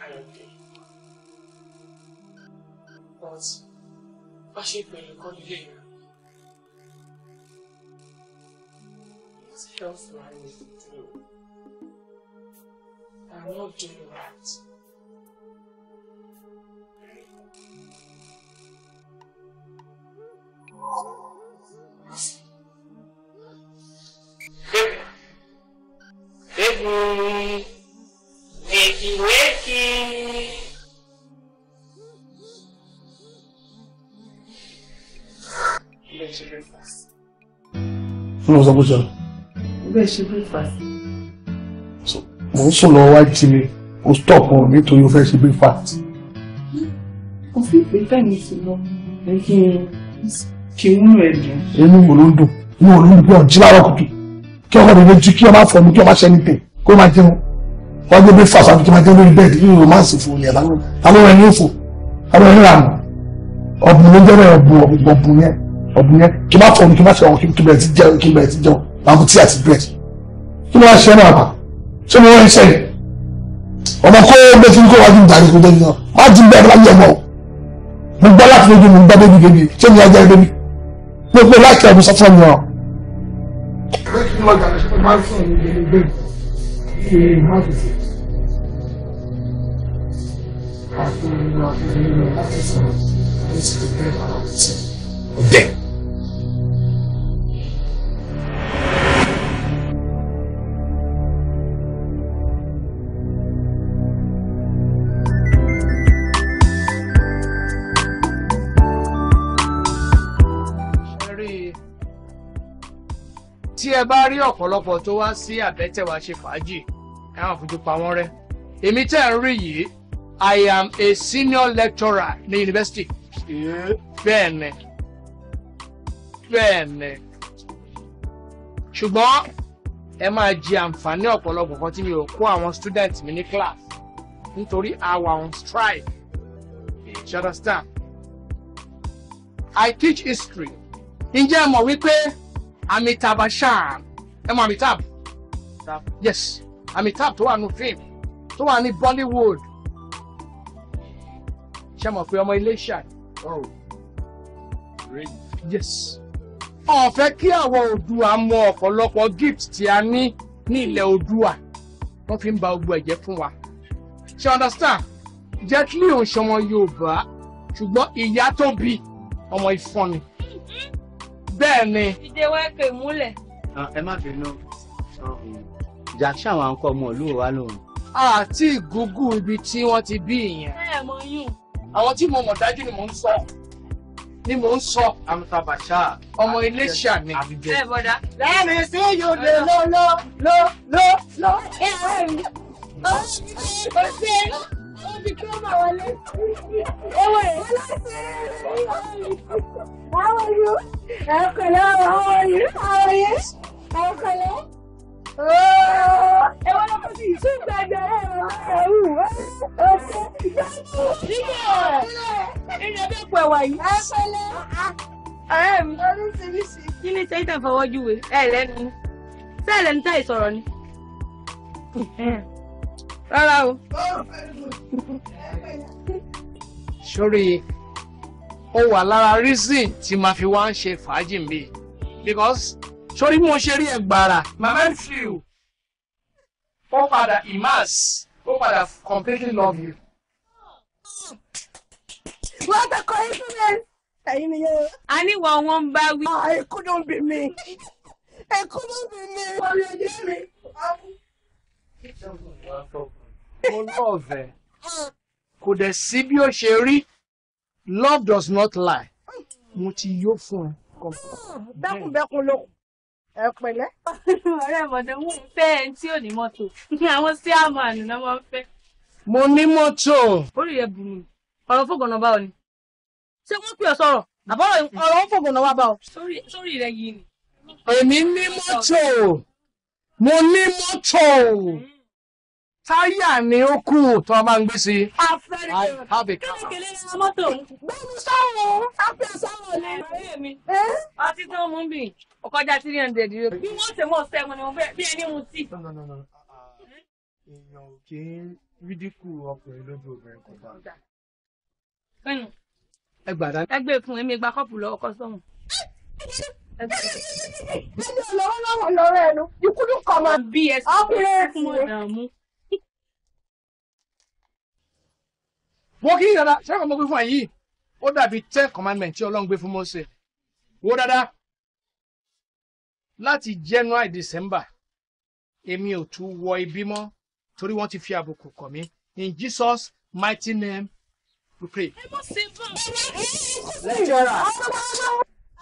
I am think. But bá ṣe bẹ̀rẹ̀ kọ́ nílé yẹn. It's health running through. I'm not doing right. kí ló sọ bó ṣe. bẹ́ẹ̀ ṣe breakfast. mo ń sùn lọ́wọ́ wájú mi o stop wọn nítorí o fẹ́ ṣe breakfast. mo fi ìpè fẹ́ mi sí lọ kí n múnú ẹ̀ dùn. inú wo ló ń dùn inú wo ló ń dùn jí láàárọ̀ kùtù kí ọkọ mi ló jí kí ọ má fọ mi kí ọ má ṣe ní tè kó má jẹun wọ́n gbé breakfast àti kí ọ má jẹun lórí bẹ́ẹ̀dì yìí romance fún mi ẹ̀ lánàá àwọn ẹni ń fò àwọn ẹni ràn ọ̀bùn ló jẹ́ bẹ́ẹ̀ ọ̀bùn ọ̀bùn yẹn ọ̀bùn yẹn kí n má fọ̀ọ́nù kí n má ṣe ọ̀hún kí n bẹ̀rẹ̀ sí jẹun kí n bẹ̀rẹ̀ sí jẹun àwọn tí àti bẹ̀rẹ̀ kí ló wá ṣe náà bá ṣé mo wọ́n ṣe yìí ọmọ kó bẹ́ẹ̀ tí kò wá ju ìdarí kó débi náà má ti bẹ́ẹ̀ láyé ọmọ o mo gbọ́ láti lójú mo ń gbọ́ bébí bébí ṣé mi ọjọ́ bébí mo pe láti ọ̀dún sọ́tún mi ọ. Bẹ́ẹ̀. ẹ bá rí ọ̀pọ̀lọpọ̀ tó wá sí àbẹ́tẹ̀wá ṣe fàájì ẹ máa fojú pa wọ́n rẹ́ èmi tẹ́ ń rí yìí I am a senior lecturer ní yunifásitì bẹ́ẹ̀ ni ṣùgbọ́n ẹ máa jẹ àǹfààní ọ̀pọ̀lọpọ̀ kan tí mi ò kó àwọn student mi ní class nítorí àwa on strike you understand I teach history ǹjẹ́ mọ̀ wípé. Amitabh Bachchan ẹ mọ Amitabh yes Amitabh tó wà nù fíìmù tó wà ní Bollywood ṣe mọ̀ pé ọmọ Iléṣà oh. yes ọ̀fẹ́ kí àwọn Oòduà mọ ọ̀pọ̀lọpọ̀ gift tí a ní ní ilẹ̀ Oòduà wọ́n fi ń ba ogbó ẹ̀jẹ̀ fún wa ṣe understand Jet Li òun ṣọmọ Yorùbá ṣùgbọ́n ìyá tó bí ọmọ Ifọ̀n bẹ́ẹ̀ ni. ìdè wa pè múlẹ̀. ẹ má bínú jàkṣà wa ń kọ́ ọmọ ìlú wa lòun. àti ìgúngún ibi tí wọ́n ti bí ìyẹn. ẹ mọ yún. àwọn tí mo mọ̀ dájú ni mò ń sọ ni mò ń sọ. amusa bashar. ọmọ iléṣà ni. ẹ bọ̀dá. lẹ́mi sí yòdè ló ló ló ló ló. ẹ ọ̀rẹ́ mi ó ṣe ó fi kí ó wọlé. ewé. How are you? How can I? How are you? How are you? How can I? Oh, I want to see you back there. Kí ni ṣe ìtàn fọwọ́jú wé? Ẹ lẹ́nu. Ṣé ẹ lẹ́nu tá ìsọ̀rọ̀ ni? Rárá o. Sórí ó wà lára reason tí màá fi wá ń ṣe fàájì mi because sórí mo ṣe rí ẹgbàrà mama feel ó padà immerse ó padà completely love you. wọ́n ti kọ́ instrument ẹ̀yin ni yóò. a ní ìwà wọn ń bá wí. ẹ̀kú ah, ló ń bí mi ẹ̀kú ló ń bí mi. wọ́n rí ojú mi. mo lọ́ọ̀fẹ́ kò dẹ̀ sí bí ó ṣe rí love does not lie hmm. mo ti yó fún ẹ. Hmm, dákúndẹ́kun ló ẹ pẹ̀lẹ́. [laughs] ọ̀rẹ́ mọ̀dọ̀ mú fẹ́ ẹ tí ò ní mọ́tò [laughs] àwọn sí àmọ́ àná máa ń fẹ́. mo ní mọ́tò. orí rẹ bù mí ọ̀rọ̀ fògànà bá ọ ni ṣé wọ́n pè ọ sọ̀rọ̀ àbọ̀rọ̀ hmm. ọ̀rọ̀ fògànà wá bá ọ. sórí rẹ yìí ni. èmi ní mọ́tò mo ní mọ́tò. Mm táyà ni ó kù tó a máa ń gbé sí. afẹ́rẹ́ kékeré ní mọ́tò gbẹ́mí sọ́wọ́ afẹ́ sọ́wọ́ lé ọ̀rẹ́ mi. ọtí tó ń mú bì ọkọjá three hundred yóò bí wọ́n ṣe mọ̀ ṣẹ́ wọn ni mo fẹ́ bí ẹni mu tí. Ah, ah. èèyàn ò kí ń rídíkù ọkùnrin lójú obìnrin kan bá. pinnu ẹ gbà dání. ẹ gbé e fún èmi gba kọ́ọ̀pù e e lọ́wọ́ kọ́sọ́mù. ẹni ọlọ́wọ́ lọ́wọ́ lọ́rọ̀ ẹnu ikú ló kọ́ máa bí ẹ sí. ọkùnrin ẹ̀ fún ọ. wo kí dada ṣẹ́kọ̀ mo gbé fún ẹ̀yìn ó dàbí ten commandment tí ọlọ́run gbé fún Mósè wo dada láti January December èmi ò tún wọ ibi mọ́ torí wọ́n ti fi àbùkù kàn mí in Jesus mighty name we pray. lecturer.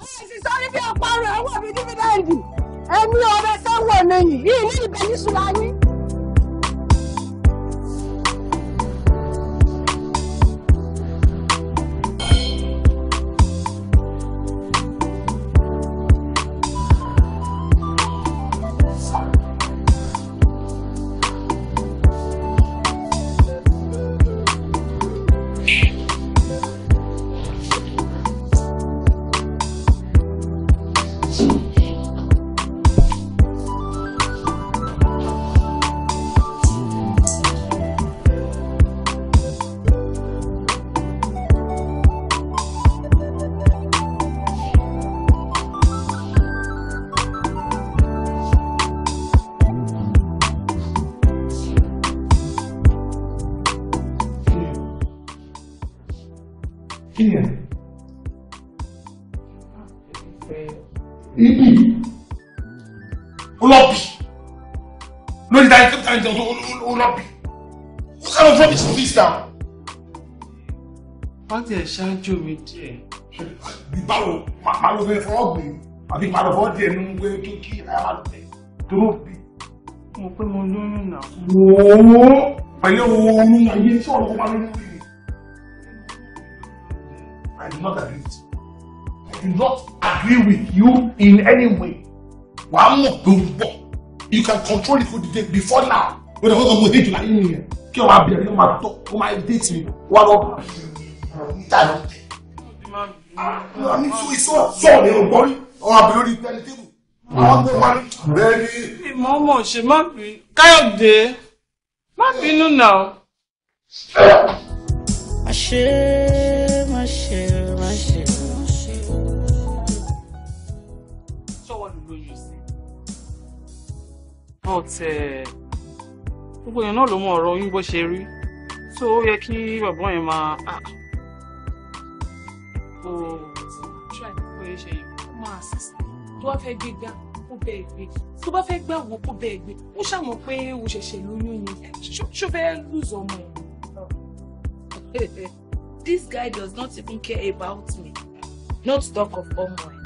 ẹ̀sìn bí ọ̀pá rẹ̀ wọ̀ mí dífídẹ́ǹdì ẹ̀mí ọ̀rẹ́ sẹ́wọ̀n nìyí yìí ní ìbẹ̀nísùlá yín. kind of rubbish? What kind of rubbish is this now? Wọ́n ti ẹ̀ ṣáájú mi díẹ̀. Báwo màá ló fẹ́ fọwọ́ gbé àbí màá lọ fọwọ́ díẹ̀ nínú pé kí kí àyà lẹ̀ tó ló bì. Mo pé mo lóyún náà. Wòó pẹ̀lú oorun ayé tí ọ̀rọ̀ kó máa lóyún rí. I do not agree with you. I do not agree with you in any way. Wàá mọ̀ pé o you can control it for the day before now o de ko ko mo hate you like yín hmm, kí o máa bẹ̀rẹ̀ o máa tó o máa date mi wà lọ ta ló tẹ̀. I mean so it's so so ni o gbọ́ rí ọ̀rọ̀ àbẹ̀ lórí tẹlifíwù àwọn tó wá bẹ́ẹ̀ ni. ìmọ̀ ọmọ ṣe má bí Káyọ̀dé má bínú náà. àṣé. but eh, gbogbo yẹn náà ló mọ ọ̀rọ̀ yín bó ṣe rí so ó yẹ kí bàbá yẹn máa ah, kó tó bá fẹ́ gbégbá kó bẹ́ẹ̀ gbé tó bá fẹ́ gbàwó kó bẹ́ẹ̀ gbé ó ṣàmọ̀ pé o ṣẹ̀ṣẹ̀ lóyún ni ṣó fẹ́ lùzọ̀ ọmọ ẹ̀. [laughs] This guy does not even care about me not talk of ọmọ ẹ̀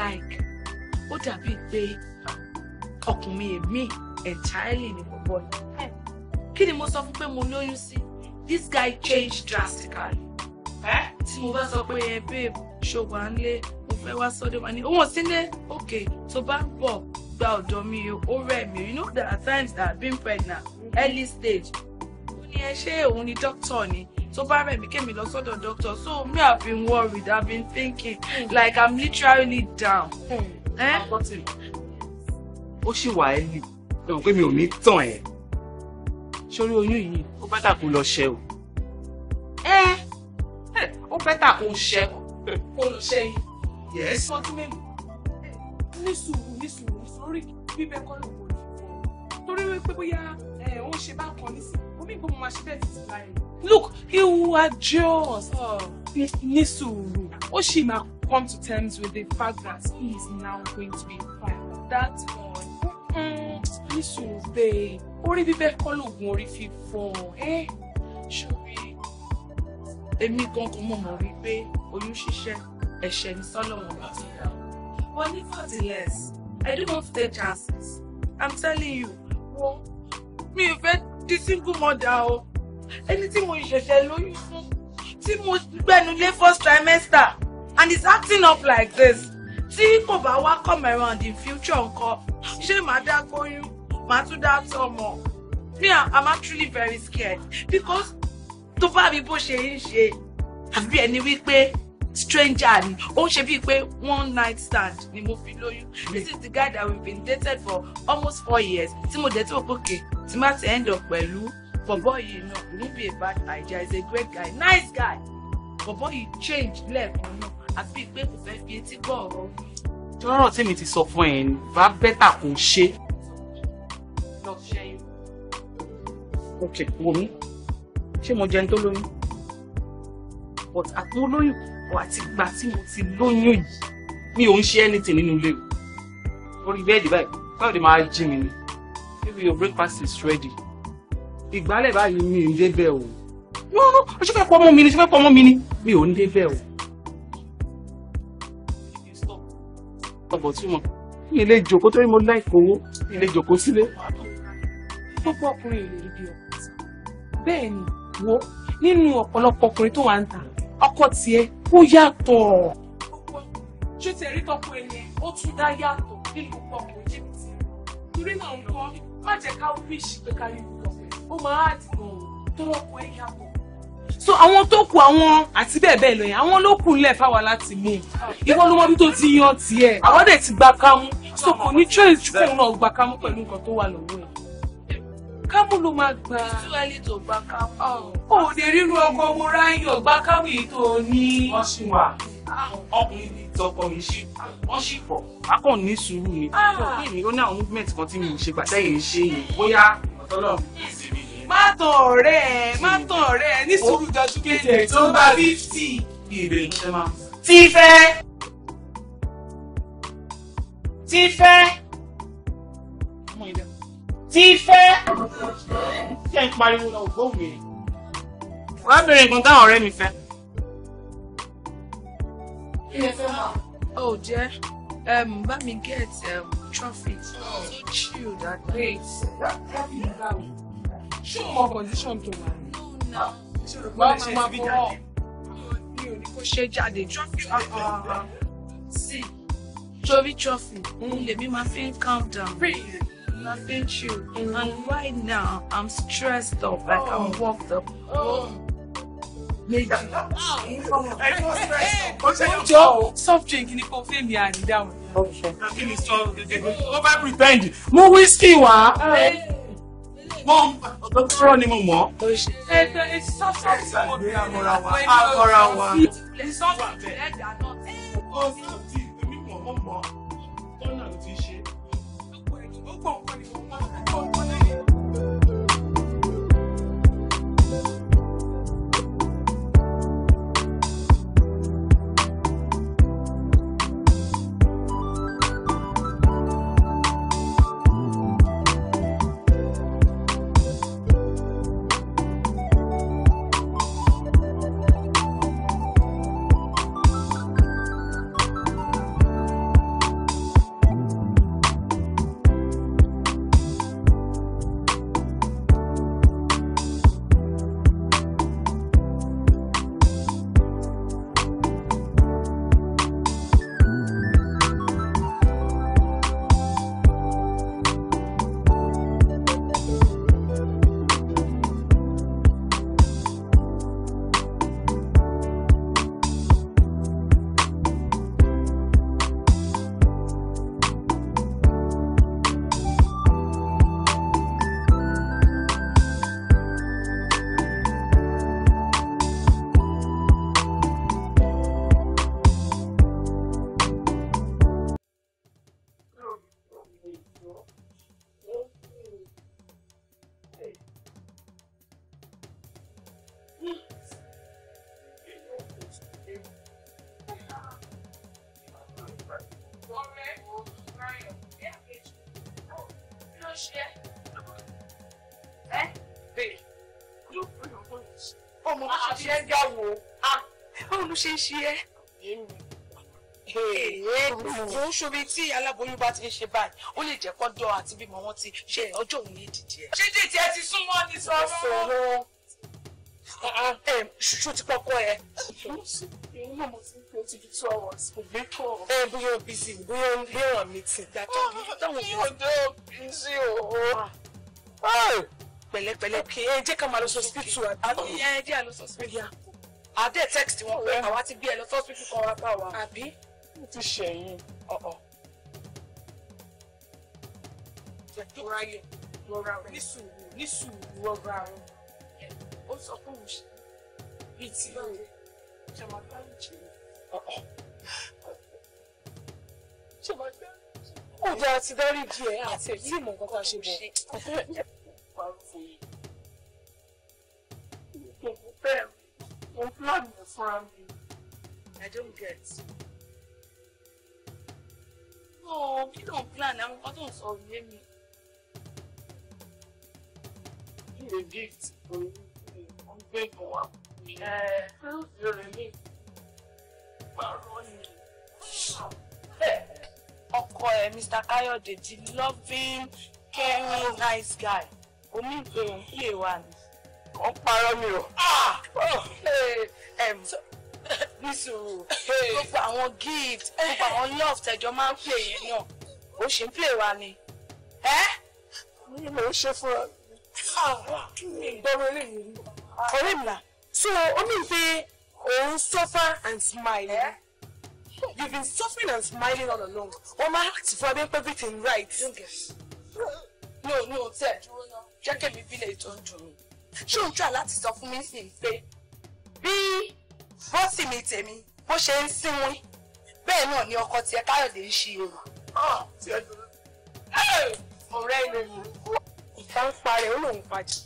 like ó dàbí pé ọkùnrin èmi entirely ni mo bọ̀ yìí hm. kí ni mo sọ fún pé mo lóyún sí this guy changed drastically hm? tí mo bá sọ pé ẹ eh, babe ṣòwò à ń lé mo fẹ́ wá sọ́dọ̀ wa ní òun ò sí lé ok tó bá ń bọ̀ gba ọ̀dọ̀ mi ó rẹ̀ mí you know there are times that I've been pregnant early stage ó ní ẹ eh, ṣé òun ni doctor ni tó bá rẹ̀ mí kémi lọ sọ́dọ̀ doctor so me I've been worried I've been thinking like I'm literally down. Hmm. Eh? ó sì wà ẹ́ lì ẹ mọ̀ pé mi ò ní tàn ẹ́ sórí oyún yìí ó bẹ́tà kó lọ ṣẹ o ẹ ó bẹ́tà kó ṣẹ kó lọ ṣẹ yìí yẹ́sì. ọtí mélòó ní sùúrù ní sórí bíbẹ́ kọ́ ló wò fún ọ torí wípé bóyá ẹ ó ṣe bá kan nísìnyí omi ìgbọ́n mo máa ṣe bẹ́ẹ̀ títí láyé. look you are just oh, ní sùúrù ó sì máa come to terms with the fact that he is now going to be fine that one ní eh, sùúrùbẹ orí bíbẹ́ kọ́ lóògùn orí fífọ́ eh? ṣòrí èmi gangan mo mọ̀ wípé oyún ṣíṣẹ́ ẹ̀ṣẹ̀ ní sọ́lọ́wọ́n bá fi rà wọ́n ní forty years I don't want to take chances I'm telling you wọ́n mi ò fẹ́ di single mother o ẹni tí mo ṣẹ̀ṣẹ̀ lóyún fún tí mo gbẹ́nu lé first trimester and it's acting up like this tí kò bá wá come around in future nǹkan ṣé màá dá gbóyún màá tún dá tọmọ me i'm actually very scared because tó bá mi bó ṣe ń ṣe àbí ẹni wípé stranger ni ó ń ṣe bíi pé one night stand ni mo fi lóyún this is the guy that we've been dated for almost four years tí mo dé tí mo gòkè tí má ti end up pẹ̀lú bọ̀bọ̀ yìí náà it won't be a bad idea he's a great guy nice guy For boy, he change left nínú àbí pé kò fẹ́ fi etí gbọ́ ọ̀rọ̀ wí. tọ́rọ̀ tí mi ti sọ fún ẹ ní bá bẹ́tà kò ṣe. lọ ṣẹ́yìn. ok wò mí ṣé mo jẹun tó lóyún but àti olóyún ọ̀ àti ìgbà tí mo ti lóyún yìí mi ò ń ṣe anything nínú ilé o orí bẹ́ẹ̀dì báyìí báwo ni màá jí mi ni maybe your breakfast is ready ìgbálẹ̀ báyìí mi ò ń débẹ̀ o ṣé fẹ́ pọ́ mọ́ mi ni ṣé fẹ́ pọ́ mọ́ mi ni mi ò ń débẹ̀ o. ọbọ̀ tí mo ilé ìjòkó tó yẹ mo láìpẹ́ owó ilé ìjòkó sílé. gbogbo ọkùnrin ìlú rí bí ọkọ tí bẹ́ẹ̀ ni wo nínú ọ̀pọ̀lọpọ̀ ọkùnrin tó wà ń ta ọkọ tiẹ̀ ó yàtọ̀. ṣé tẹ̀ rí tọkọ ẹ̀yẹ ó tún dá yàtọ̀ nínú ọkùnrin jìbìtì torí náà nǹkan má jẹ́ ká wíṣì pé ká yẹ ìlú lọ ó máa dìgbò so àwọn tó kù àwọn àti bẹ́ẹ̀ bẹ́ẹ̀ lọ yẹn àwọn ló kù nílẹ̀ fáwa láti mú ìwọ ló mọ bí tó ti yan tiẹ̀ àwọn dẹ̀ ti gba kámú so kò ní choice ju fóun náà gba kámú pẹ̀lú nǹkan tó wà lọ́wọ́ ẹ̀ kámú ló máa gbà á tú ẹni tó gba kámú. Oh. o ò lè ríru ọkọ owó ráyàn gba kámú yìí tó o ní. wọ́n sì wà ah. ọkùnrin ní tọkọ mi sí wọ́n sì pọ̀ akọ̀ ní sùúrù ni. Ah. ó ní àwọn movement kan tí mi má tàn ọ̀rẹ́ ẹ má tàn ọ̀rẹ́ ẹ ní sùúrù jọjú kéde tó bá fífítì ìbèrè ló fẹ́ máa mú. ti fẹ́ ti fẹ́ ti fẹ́ ṣe ń pariwo náà ògbóhùn mi. bèrè nǹkan táwọn ọ̀rẹ́ mi fẹ́. kí jẹ́ oh, um, let me get um, trophies. Oh. Chill that great ṣé o mọ condition tó wà ní. wọ́n máa ma bọ̀ ọ́ mi ò ní kó ṣe jáde trophy ah, sí torí trophy òun lèmi máa fi ń calm down. máa fi ń chill mm-hmm. and right now I'm stressed up like I'm oh. worked up. Oh. Méjì. Ah. Ọjọ́ soft drink ni kò fẹ́ mi àrídáwọ̀. Ó bá pretend mú wíṣkì wá mo tó tọrọ ni mo mọ. ẹ̀tọ́ ìsọ́sọ́ tí mo bí àmọ́ra wa àkọ́ra wa. ìsọ́sọ́ tí ẹ̀dá náà ti. ó sì ti èmi mọ̀ mọ̀ mọ̀ tọ́nà ló ti ṣe. ó pọ̀ nǹkan ni mo. ṣe ẹ́ mo ń ṣomi tí aláboyún bá ti ń ṣe báyìí ó lè jẹ́ kọ́dọ̀ àti bímọ wọn ti ṣe ọjọ́ òun ní ìdíje ẹ̀. ṣé dèjì ẹ ti súnmọ́ ní sọ́rọ́. Ah, ah, eh, ṣó ti pọ́kọ́ ẹ. èmi náà mo ti ń pe ojú two hours kò gbé kọ́. ẹ bóyá o bísí bóyá o lè ràn mí tì. dájọ́ bí táwọn èèyàn. yóò dé bísí o. pẹ̀lẹ́pẹ̀lẹ́ kí ẹ eh, jẹ́ ká máa lọ sọ sípítù àbí. ẹ jẹ́ àlọ́ sọ sípítù àdé text wọn pé àwa ti gbé ẹ lọ sọ́sìpítù kan wá bá wa. àbí mo ti ṣẹ̀yìn ọ̀ọ̀. rọra yọ rọra ní sùúrù ní sùúrù rọra rọ ó sọ fún mi bíi ti báwo ṣe máa bá mi jẹ ṣe máa bá mi jẹ. ti dárí di àti ẹ tí mò ń kọ́kọ́ ṣe bọ̀. bẹ́ẹ̀ mo plan yẹn fúnra I don't get. No, you don't plan I'm nǹkan tó ń sọ òye mi. Kí ni gift for mi ò ń gbé ìbọn wá? Eh. Ẹ ẹ́ kí ló Mr. Kayode the loving caring nice guy omi ìgbéhùn kí èèwà ni ń parọ́ mi o. Ah! Ah! Oh! Oh! [laughs] ní sùúrù gbogbo àwọn gift gbogbo àwọn eh! love tẹjọ máa ń pè yẹn náà ó ṣe ń pè wá ni. mi ò ṣe fún ọ ah! gbọ́dọ̀ eléyìí ọ̀rẹ́ mi náà so ó ní pé òun suffer and smile. Eh? you been suffering and smiling all along wọn máa ask for abẹ́ everything right. no no tẹ jẹ́ kẹ́mi bílẹ̀ tó ń dùn mí ṣé òun jà láti sọ fún mi sí pé bí bọ́sì mi tèmi bó ṣe ń sínwín bẹ́ẹ̀ náà ni ọkọ tiẹ̀ káyọ̀dé ń ṣe èrò. Ah, ọ̀rẹ́ ilé mi ìta ń parẹ́ ó lòun pàjẹ́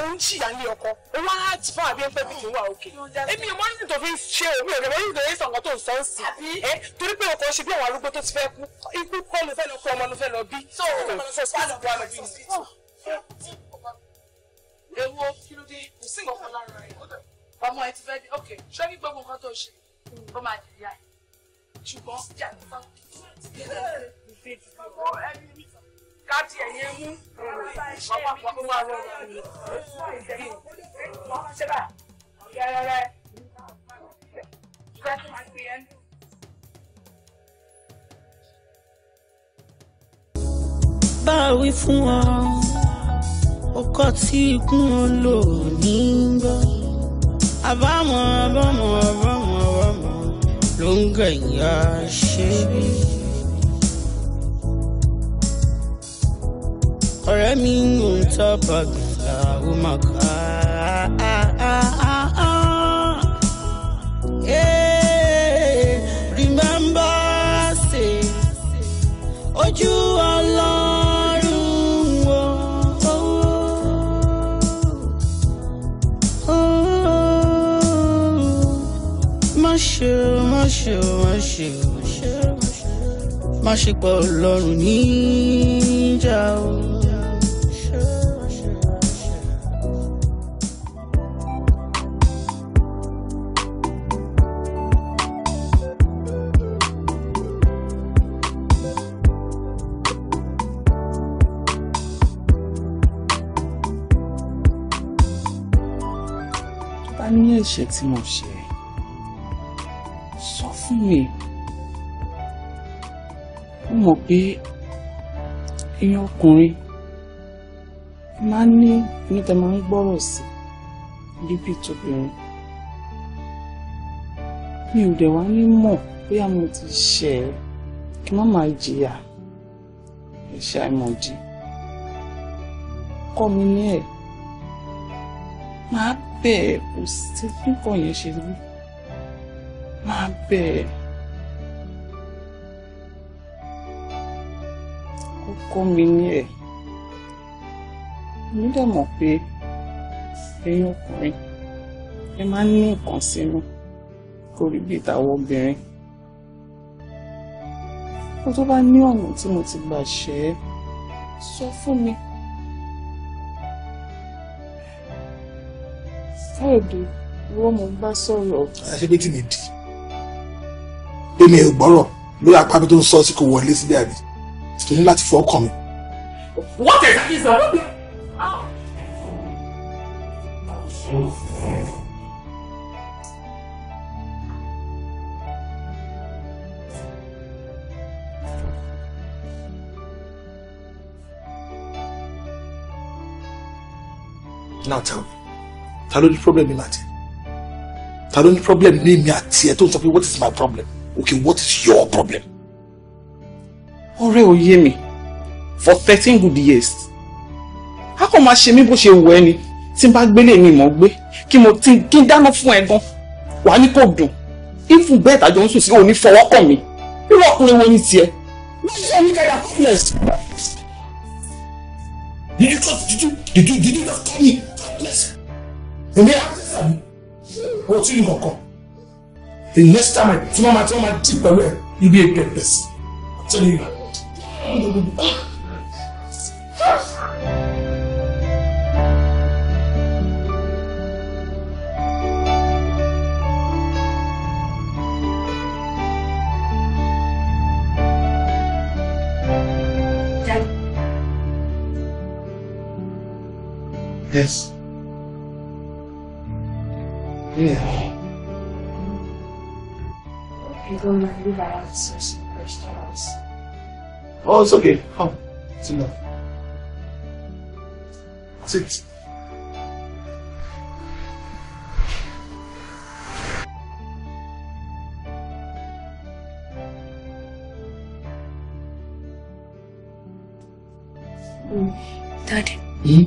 òun ṣìyà ní ọkọ òun á ti fún àbí ẹgbẹ́ bìkì wà òkè èmi ìmọ̀ nítorí tó fi ń ṣe òun èrè wọ́n nítorí ìsọ̀kan tó ń sọ ń sìn ẹ́ torí pé ọkọ ṣe bí àwọn arúgbó tó ti fẹ́ kú ikú kọ́ ló fẹ́ lọ kú ọmọ ló fẹ́ lọ bí. so ọmọ ló fẹ́ lọ bí èwo kí ló dé kò sí nǹkan kan lára rẹ̀ kódà ọmọ ẹ ti fẹ́ dé ok ṣé ní gbogbo nǹkan tó ṣe ó máa jẹ ìyá ṣùgbọ́n jà ní bá káàdì ẹ̀yẹ mú pápákọ̀ tó máa lọ ṣe bá yẹrẹrẹ ìgbà tó máa gbé ẹ ń. báwo fún ọ ọkọ tí ikú ń lò ní gbọ́ àbámọ̀ àbámọ̀ àbámọ̀ àbámọ̀ ló ń gẹ̀yà ṣe bí. ọ̀rẹ́ mi ń lò ń tọ́pọ̀ gbìyà ó máa kà á. Remember, say, ojú ọ̀run. ṣe má ṣe má ṣe má ṣe pa ọlọ́run níjà o. ta ni ẹ̀ṣẹ̀ tí mo ṣe mi mo mọ̀ pé èèyàn ọkùnrin máa ń ní níta máa ń gbọ́rọ̀ sí bíbí tóbìnrin mi ò dẹ̀ wá ní mọ̀ bóyá mo ti ṣẹ̀ ẹ́ kí má máa jìyà ẹ̀ṣẹ̀ àìmọ̀dí kọ́ mi ní ẹ̀ máa bẹ̀ẹ̀ kò sí bí yẹn ṣe rí máa bẹ̀ ẹ́. ó kọ́ mi ní ẹ̀ mo dẹ̀ mọ̀ pé ẹ̀yin ọkùnrin ẹ máa ń ní nǹkan sínú kò rí bíi tàwọn obìnrin kó tó bá ní ọ̀nà tí mo ti gbà ṣe sọ fún mi. Fúròdù wọ́n mo bá sọ̀rọ̀. Àṣé bí tí mi dì pé ò gbọ́rọ̀ lórí apá tó ń sọ sí kò wọlé síbẹ̀ àbí tó ní láti fọ́ ọkàn mi. What is that? Now tell me, ta ló ní problem mi láti? Ta ló ní problem ní mi àti ẹ tó ń sọ pé what is my problem? okay what is your problem. ọ̀rẹ́ ò yé mi for thirteen good years a kò máa ṣe mí bó ṣe wù ẹ́ ni tí n bá gbélé mi mọ̀ gbé kí mo ti kí n dáná fún ẹ gan wà ní kò dùn ifun bẹ́ẹ̀ tàjọ ń sùn sí òní fọwọ́ kàn mí irú ọkùnrin wo ni tiẹ̀. Did you just did you did you did you just call me? Yes. Èmi á wọ́n tún ní kọ̀ọ̀kan the next time tí wọ́n máa tí wọ́n máa dì pẹ̀lú ẹ̀ ibi èpè pẹ̀ sí tẹ́lẹ̀ ìgbà. Yes. Yeah. Oh, it's okay. Come. It's enough. Sit. Daddy, hmm?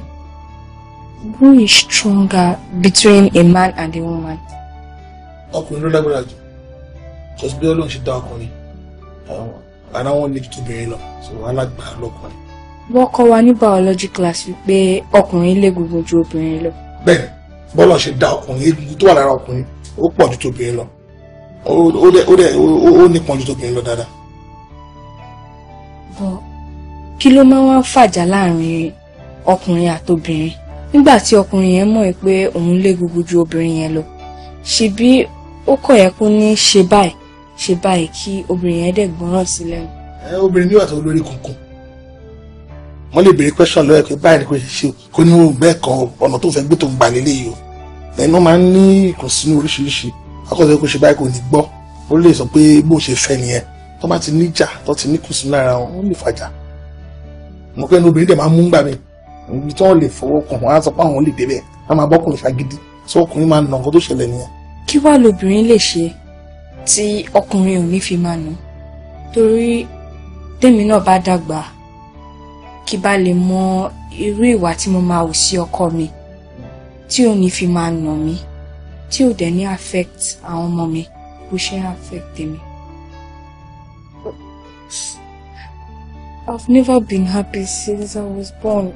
who is stronger between a man and a woman? Ọkùnrin ló lágbára jù. just bí ọlọ́run ṣe dá ọkùnrin ara wọn you to bẹ̀rẹ̀ lọ so alágbà lọkùnrin. wọ́n kọ́ wa ní biology class wípé ọkùnrin lè gungun ju obìnrin lọ. bẹ́ẹ̀ bọ́lá ṣe dá ọkùnrin egungun tó wà lára ọkùnrin ó pọ̀ ju tobìnrin lọ ó dẹ̀ ó dẹ̀ ó nípọn ju tobìnrin lọ dáadáa. bọ́ kí ló máa ń fàjà láàrin ọkùnrin àtobìnrin nígbà tí ọkùnrin yẹn mọ̀ pé òun lè gungun ju obìnrin yẹn lọ ṣebí ó kọ̀ yẹ kó ní ṣe báyìí ṣe báyìí kí obìnrin yẹn dẹ̀ gbọ́ràn sí lẹ́nu. ẹ obìnrin níwà tó lórí kunkun wọ́n lè béèrè question lọ́wọ́ ẹ̀ pé báyìí ni kò ṣe kó ní òun bẹ́ẹ̀ kan ọ̀nà tó fẹ́ gbé tó ń gbà lélẹ̀ yìí o ẹnu máa ń ní ìkùnsínú oríṣiríṣi akọ́sọ́ kó ṣe báyìí kò ní gbọ́ ó lè sọ pé bó ṣe fẹ́ nìyẹn tó bá ti níjà tó ti ní kùnsínú lára wọn ó lè fàjà mo pé ẹnu obìnrin dẹ̀ máa ń mú gbà mí ibi tí wọ́n lè fọwọ́ kàn wọ́n á sọ pé àwọn lè débẹ̀ á máa bọ́kùnrin fagídí sọ ọkùnrin máa nà nǹkan tó ṣẹlẹ̀ nìyẹn. kí wàá lobìnrin lè ṣe tí ọkùnrin ò ní fi máa nù torí tèmi náà bá dàgbà kí bá lè mọ irú ìwà tí mo máa hù sí ọkọ mi tí ò ní fi máa nà mí tí ò dẹ̀ ní affect àwọn ọmọ mi bó ṣe ń affect mi. I've never been happy since I was born.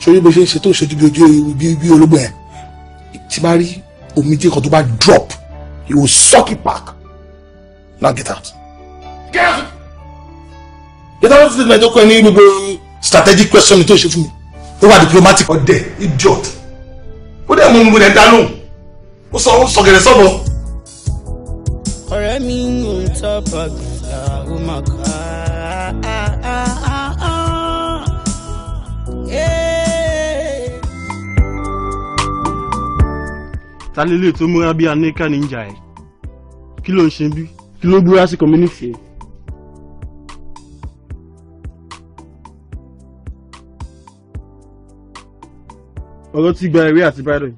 sórí bó ṣe ń ṣe tó ń ṣojú bí ojú bí ológbò yẹn tí bá rí omijé kan tó bá drop he will suck it back now get out. get out get out ṣe ìdájọ́ kan ní gbogbo strategic question tó ṣe fún mi ó wà diplomatic ọ̀dẹ̀ idiot ó dẹ̀ mú mi rẹ̀ dánú ó sọ ó sọ gẹ̀rẹ́ sọ̀bọ̀. ọ̀rẹ́ mi ń tọ́ bàgbà ó máa kà á. ta lélẹ̀ tó múra bí anéka níjà ẹ̀ kí ló ń ṣe bí kí ló búra sí community ẹ̀. ọ̀rọ̀ ti gba ẹ̀rí àti bridal.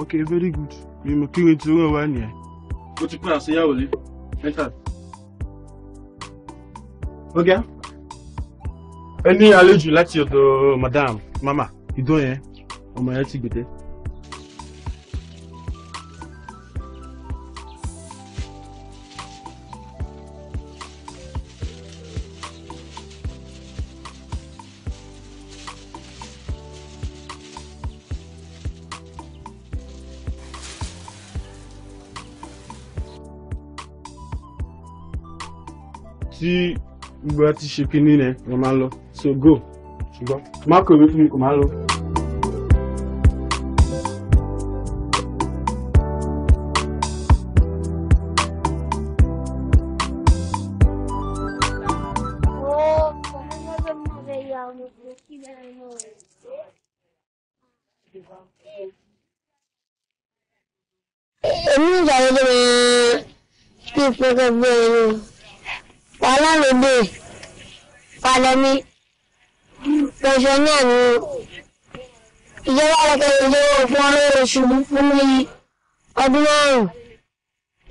ok very good mímú kí ni tí ó ràn wá nìyẹn. ó ti pín àṣeyáwó lé mẹ́ta. Okay. Any ẹ ní àlejò láti ọ̀dọ̀ madam mama ìdó yẹn ọmọ yẹn ti gbèdé. See gbogbo ẹ ti ṣe kínní yẹn mo máa lọ so go ṣùgbọ́n má kò wí fún mi kò máa lọ. Èmi ń sọ̀rọ̀ lórí kí n fẹ́ fẹ́ fẹ́. náà ni ìjọba àpapọ̀ ìjọba òfin ọlọ́run ṣubú fún mi ọdún márùn-ún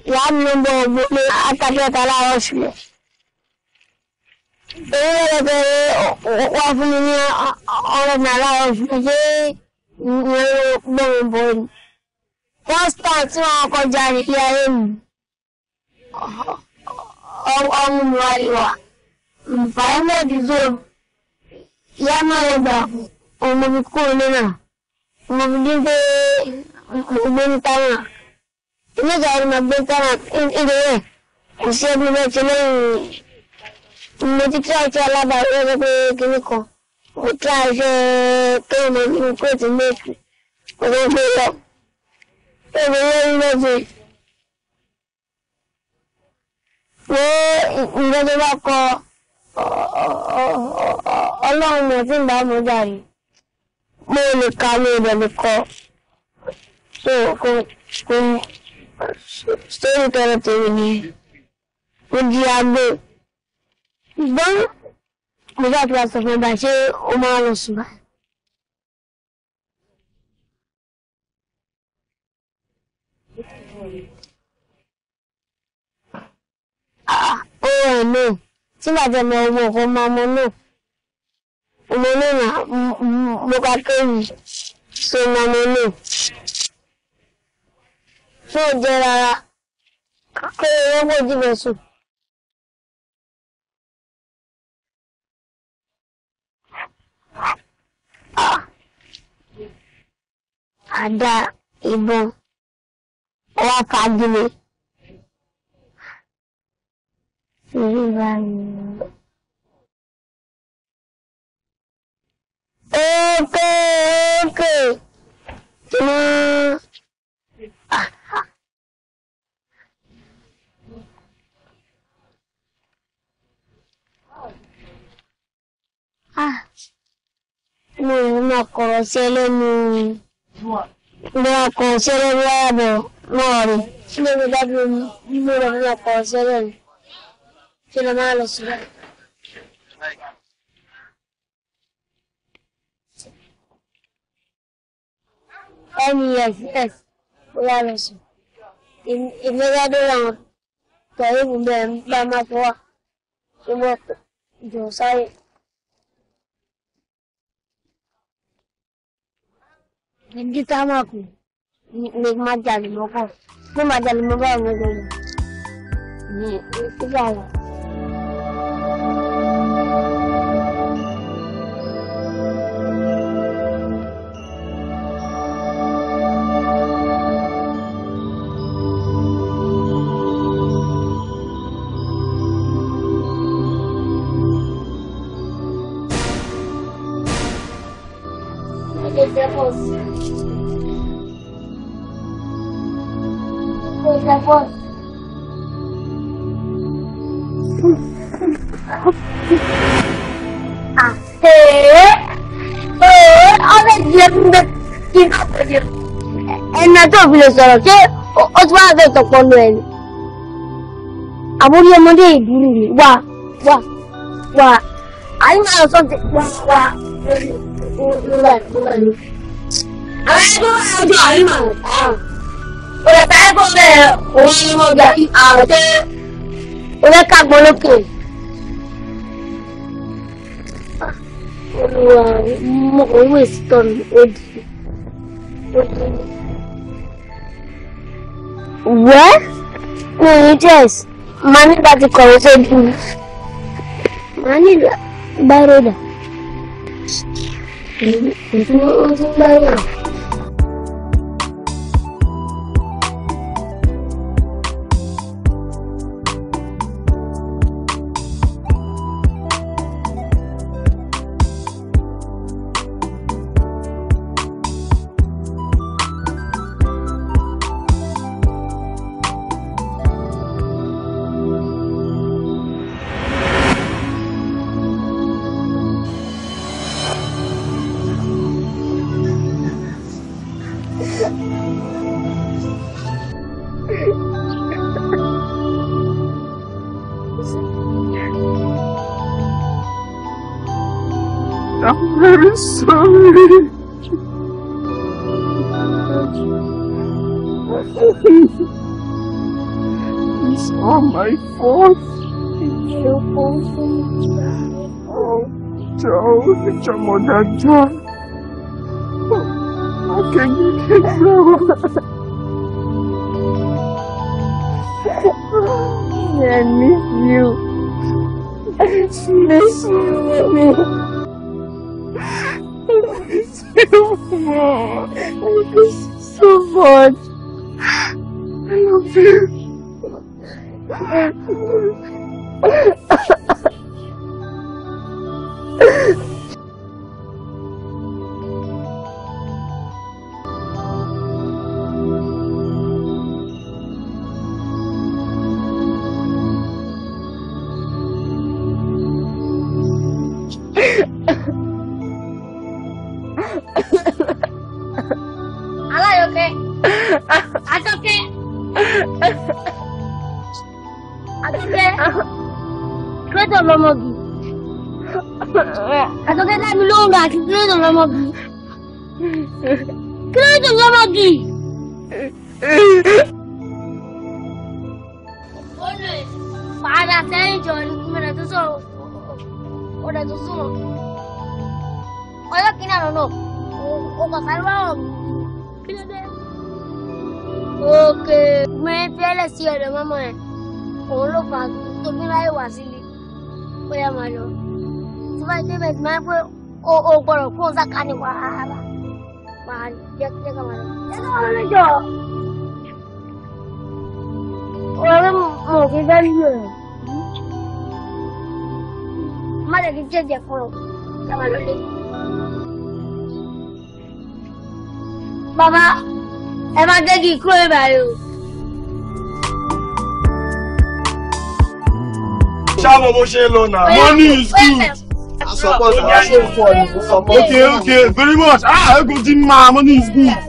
ìyá mi ń bọ̀ gbogbo atakẹ́ta láàárọ̀ ṣùgbọ́n èyí lọ́dọ̀ pé wá fún mi ní ọ̀rọ̀ náà láàárọ̀ ṣùgbọ́n ṣé ìwé gbọ̀ngàn bọ̀ ni wọ́n start tí wọ́n kọjá ní ilé ayé mi ọmọ mi wá ìwà environment zone ìyá máa ń gbà ọmọ mi kúrò lónà ọmọ mi dín pé gbogbo ń ta wọn ilé ìjà ni màá gbé ń ta wọn nítorí ẹ ẹsẹ mi bẹ ti lẹ́yìn mo ti tí a ti alábàárẹ rẹ pé kíní kan mo tí a ṣe pé mo ní kó ti méjì mo ló gbé lọ pé mo lóyún méjì pé ìgbẹ́ tó bá kọ ọlọ́run mi ti ń bá mo jáde mo lè ka mo lè lè kọ so kò kò sórí tọrọ tèmi ni mo di agbo ṣùgbọ́n mo bá ti wá sọ fún ẹgbà ṣé ó máa lọ sùn báyìí. Ah, oh no tí bàjẹ́ mọ ọmọ ọkọ máa mọ náà ọmọ náà nà mo ká kéwì so mọ ọmọ náà fún òjò rárá kéwì wọn kò jìbẹ sùn. àdá ìbọn ọwọ́ fagilé. Ivan. Okay, okay. Ah, no. Ah. Mi ò mọ kọ̀rọ̀ sí ẹlẹ́nu. Bí a kọ̀rọ̀ sí ẹlẹ́nu láàbọ̀ náà rí. Ilé mi dábìlì mi, Quiero amar a los ciudadanos. Annie, yes, yes, ìgbéjáde àwọn pẹ̀lú ìbùdó ẹ̀ ń gbá máa fi wà ṣùgbọ́n jù sáré. Gíta máa kù ní máa jalè mọ́kàn. Ní máa jalè mọ́kàn ní gbogbo. Ní ìgbà yẹn. yẹn tó fi lè sọ̀rọ̀ ṣé ó ti wá fẹ́ tọpọlọ ẹ̀ ni àbórí ọmọdé ìdúró ni wà wà wà àyínká lọ sọ́ọ̀tì wà wà lọ́la lọ́la ni. àwọn ẹgbẹ́ wọn yóò jọ àyínká lọ sáà òrẹ̀ táyé kó bẹ́ẹ̀ òun ni mo gbà kí àrùn tẹ́ òrẹ́ ká gbọ́ lókè. Olúwa mo òun èsì tọ̀ mi ó di ó di wẹ́ mi ò ní jẹ́s máa ní láti kọ̀wé sójú mi máa ní gbàrọ̀dà ìdúró ó tún gbàrọ̀dà. sorry. it's all my fault. Oh, Joe, your mother, John. How can you get so? I miss you. Miss you. Oh, I you so much. I love you. Bàbá, ẹ máa jẹ́ kí n kúrò ìbàyò. Ṣáàmù bó ṣe lọ náà. Money is good. Support, I show for you. Okay, okay, very much. Ah, I go to my money is good.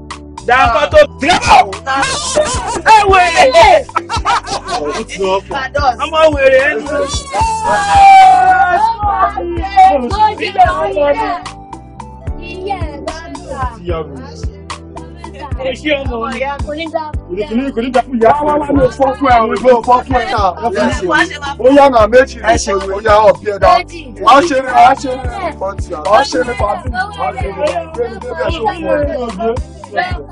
dàkọ́ tó dìrẹ́bọ̀ ẹ wèrè ẹ ọmọ wèrè ẹ ní. Kìnìún kìnìún dàpọ̀ yà wá wá ní fọ́ fún a ṣe ni a ṣe ni a ṣe ni pàtó a ṣe ni pàtó a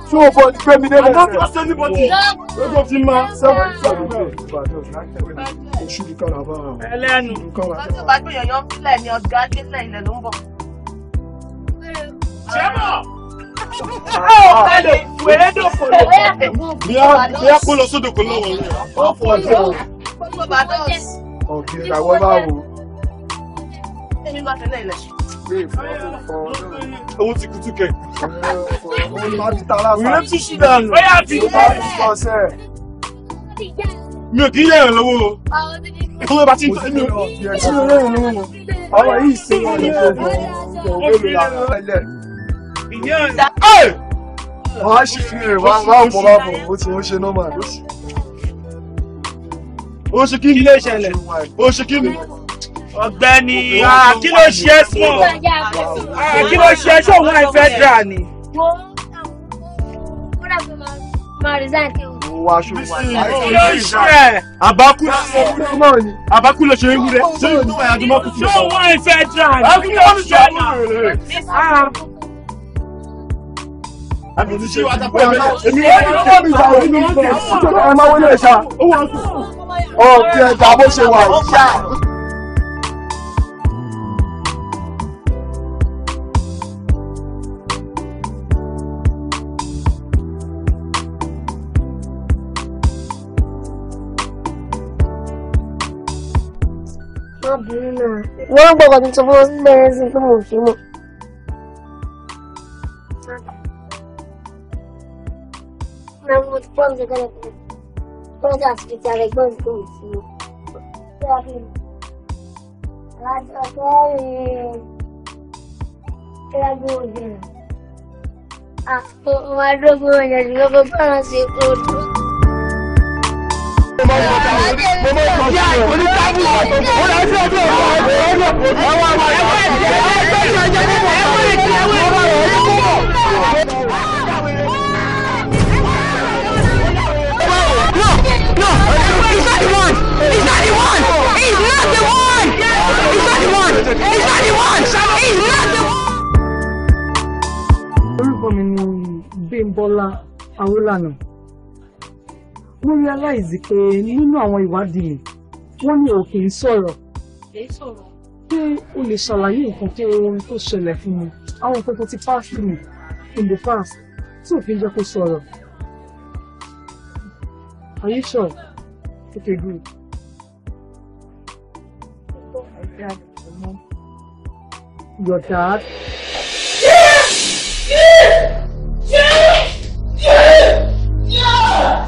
ṣé o bọ gbé mi débẹ̀ sẹ́ẹ̀. àdájọ́ sẹ́ni bọ́dì. lójó ti máa sẹ́wọ̀n sẹ́wọ̀n bẹ́ẹ̀. oṣù mi kàrà bá a. ẹlẹ́nu lọ́jọ́ bá gbé yọ̀yọ́ sílẹ̀ ni ọ̀gá dé sílẹ̀ ilẹ̀ ló ń bọ̀. ṣẹ́mọ̀. Ah, ah, ah. wèrè dòkò lọ. bí a kó lọ sódò kò lọ́wọ́ rẹ̀. ó fọ̀ ọ́ sẹ́wọ̀n. ọ̀gá ìyàwó bá wò. èmi máa tẹ̀lé ilẹ̀ ṣe. Òun ti kutu kẹ. Òun ti ṣí dànù. Bóyá ti ṣe. Mi ò kí yẹ̀ ẹ̀ lọ́wọ́ o. Ìkúlẹ̀ bá ti ń tẹ̀lé o. Tí o rẹ̀ lọ́wọ́ mọ̀. Ọ̀rọ̀ yìí ṣe wọ́n ní gbogbo òwe làwọn ẹlẹ̀. Ìyá ẹ̀dá. Wọ́n á ṣì fi rè wá wá ọ̀pọ̀ bá bọ̀ bó ti ń ṣe nọ́mà lóṣù. Oṣù kí ni? Ó ṣe kí ni? Ah, ọ̀gbẹ́ni kí ló ṣe é fún ọ ah, kí ló ṣe é ṣé òun àìfẹ́ dà ni. kí ló ṣe é. àbákú àbákú ló ṣe é wúrẹ́ ṣé òun àìfẹ́ dà ni. kí ló ṣe é ah. èmi wọ́n ti ẹ̀ máa wọlé ẹ̀ṣá. ó kí ẹ̀ dà bó ṣe wà yìí. wọ́n gbọ́dọ̀ ní sọ fún bẹ́ẹ̀ sí pé mo ṣe mọ̀. mo ti pọ́n ṣe kẹ́lẹ́ fún mi kọ́ńtà àti fi ti ara ẹgbẹ́ mi kò sí o. ṣé a fi alájọ kẹ́rin kẹ́lẹ́gbẹ́ òjò rẹ̀. àwọn adógún ọ̀yàn ìlú gbogbo àwọn ṣe kó dùn mo mọ mo mọ kọ sí o ní tábù o lọ sí ọdún ọgbà ọdún ọdún ọdún ọwọ́ àwọn ọmọ ẹgbẹ́ ẹgbẹ́ ìjọba ẹgbẹ́ ẹgbẹ́ ìjọba ẹgbẹ́ ìjọba ẹgbẹ́ ìjọba. No, he's not the one. He's not the one. He's not the one. He's not the one. He's not the one. He's not the one. Orúkọ mi ni Bímbọ́lá Awólànà mo realize pé nínú àwọn ìwádìí wọn ní òkè ń sọ̀rọ̀ pé o lè ṣàlàyé nǹkan tó ohun tó ṣẹlẹ̀ fún mi àwọn nǹkan tó ti pass through in the past tí òfin jẹ́ kó sọ̀rọ̀ are you sure okay good. Your dad? Yeah! Yeah! Yeah! Yeah! Yeah!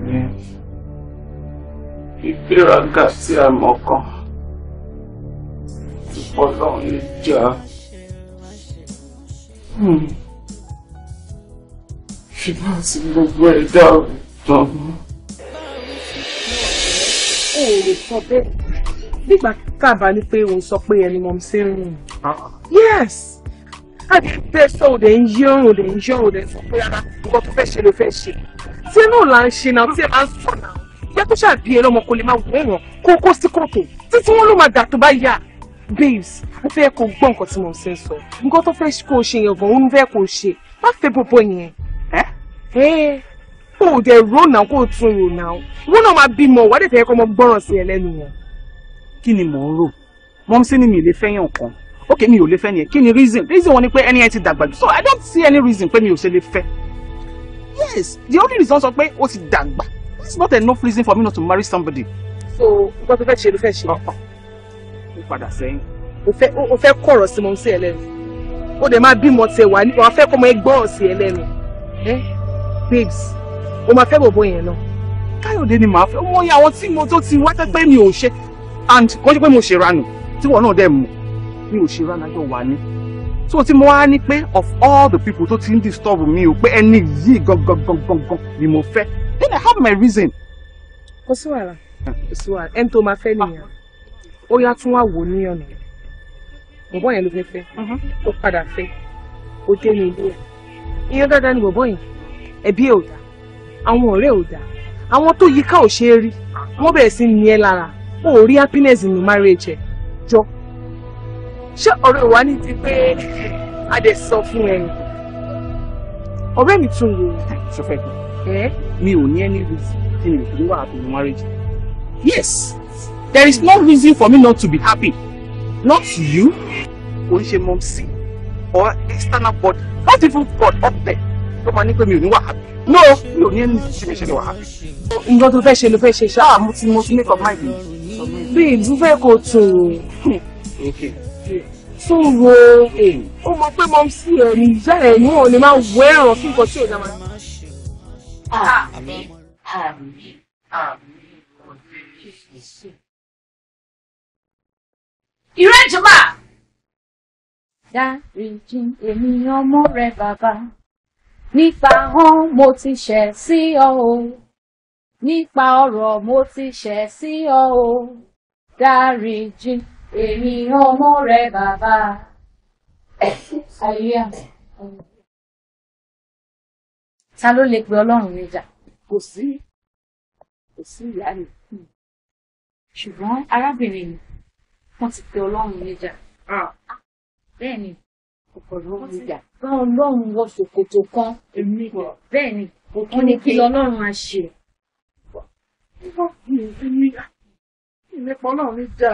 ìgbéraga sí àmọ́kàn ìpọ́lọ́run níjà ṣùgbọ́n hmm. sí gbogbo ẹ̀dá òtàn mọ́. o ò lè sọ pé nígbà kábà ni pé òun sọ pé ẹni mọ̀ sí ń rùn. Ah. yes fẹ́ sọ òde ń yí ọrùn òde ń yí ọrùn òde ń sọ pé rárá nǹkan tó fẹ́ ṣe ló fẹ́ ṣe tí inú là ń ṣe náà tí ẹ máa ń sọ náà ìyá tó ṣàbí ẹ lọ́mọ kò lè máa wọ ẹ̀wọ̀n kó kó sí kòtò títí wọn ló máa dà tó bá yà babes mo fẹ́ kó gbọ́ nǹkan tí mo ń ṣe ń sọ nǹkan tó fẹ́ kó ṣe yẹn gan òun fẹ́ kó ṣe má fẹ́ bọbọ yẹn ẹ kó o dẹ ro náà kó o tún ro náà wọn náà máa bímọ wàá dẹ fẹ́ kọ́ ọmọ gbọ́ràn sí ẹ lẹ́nu wọn. kí ni mò ń rò mọ́mísí ni mi ì lè fẹ́yàn kan ok mi ò lè fẹ́ nìyẹn kí ni reason reason wọn ni pé ẹni yẹn ti dàgbà jù so i don't see any reason pé mi ò ṣe lè fẹ́ yes the only reason sọ pé ó ti dàgbà it's not enough reason for me not to marry somebody. so nǹkan tó fẹ́ ṣe ló fẹ́ ṣe. ó padà sẹ́yìn. o fẹ́ kọ̀rọ̀ sí mọ́ sí ẹ lẹ́nu o dẹ̀ máa bímọ tẹ wà ní wàá fẹ́ kọ́ ọmọ ẹ gbọ́n sí ẹ eh? babes o máa fẹ́ bòbó yẹn náà. káyọ̀dé ni màá fẹ́ mo yẹn àwọn tí mo tó ti wá pẹ́pẹ́ mi ò ṣe and kò jẹ́ pé mo ṣèrànù tí wọ́n náà dẹ̀ mú mi ò ṣe ránájọ́ wà ní. so tí mo wá ní pé of all the people tó ti ń disturb mi o pé ẹni yìí gangan gangan gangan ni mo fẹ́ then I have my reason. kò sí wàhálà kò sí wàhálà ẹni tó máa fẹ́ nìyẹn ó yá tún wá wò ní ọ̀nà bọ̀bọ̀ yẹn ló fẹ́ fẹ́ mm-hmm. ó padà fẹ́ ó dé ní ilé ẹ̀ ìyẹn dáadáa ni bọ̀bọ̀ yẹn ẹbí ẹ̀ ò dá àwọn ọ̀rẹ́ ò dá àwọn tó yíká ò ṣe é rí wọ́n bẹ̀rẹ̀ sí ní ẹ lára ó rí happiness in marriage ẹ̀ jọ ṣé ọ̀rọ̀ ìwà ní ti pé a dẹ̀ sọ fún ẹni ọ̀rẹ́ mi tún lè ṣọfẹ́ kan mi ò ní any reason tí mi ò fi wà àbí marriage yes there is no reason for me not to be happy not you kò ń ṣe mọ sí or external body not even God up there tó máa ní pé mi ò ní wà happy no mi ò ní any situation wà happy. nǹkan tó fẹ́ ṣe ló fẹ́ ṣe ṣáà mo ti mo ti make up my mind. bí ìdúfẹ́ kò tó Okay tó wo e. ó mọ pé mo ń sí ẹ̀rí ìyá ẹ̀ ní òun ni máa wọ ẹ̀ràn kí nǹkan tí ò dáa máa. àmín ìjọba. dáríjì èmi ọmọ rẹ bàbá nípa hàn mo ti ṣẹ̀ sí ọ o nípa ọ̀rọ̀ mo ti ṣẹ̀ sí ọ o dáríjì èmi ọmọ rẹ bàbá hallelujah. ta ló lè pe ọlọ́run níjà. kò sí kò sí ìyá mi ṣùgbọ́n arábìnrin mi wọ́n ti pe ọlọ́run níjà. bẹ́ẹ̀ ni ọ̀pọ̀lọpọ̀ níjà. bá ọlọ́run wọ ṣòkòtò kan. èmi kọ. bẹ́ẹ̀ ni òkun kí ọlọ́run á ṣe. nípa ọlọ́run níjà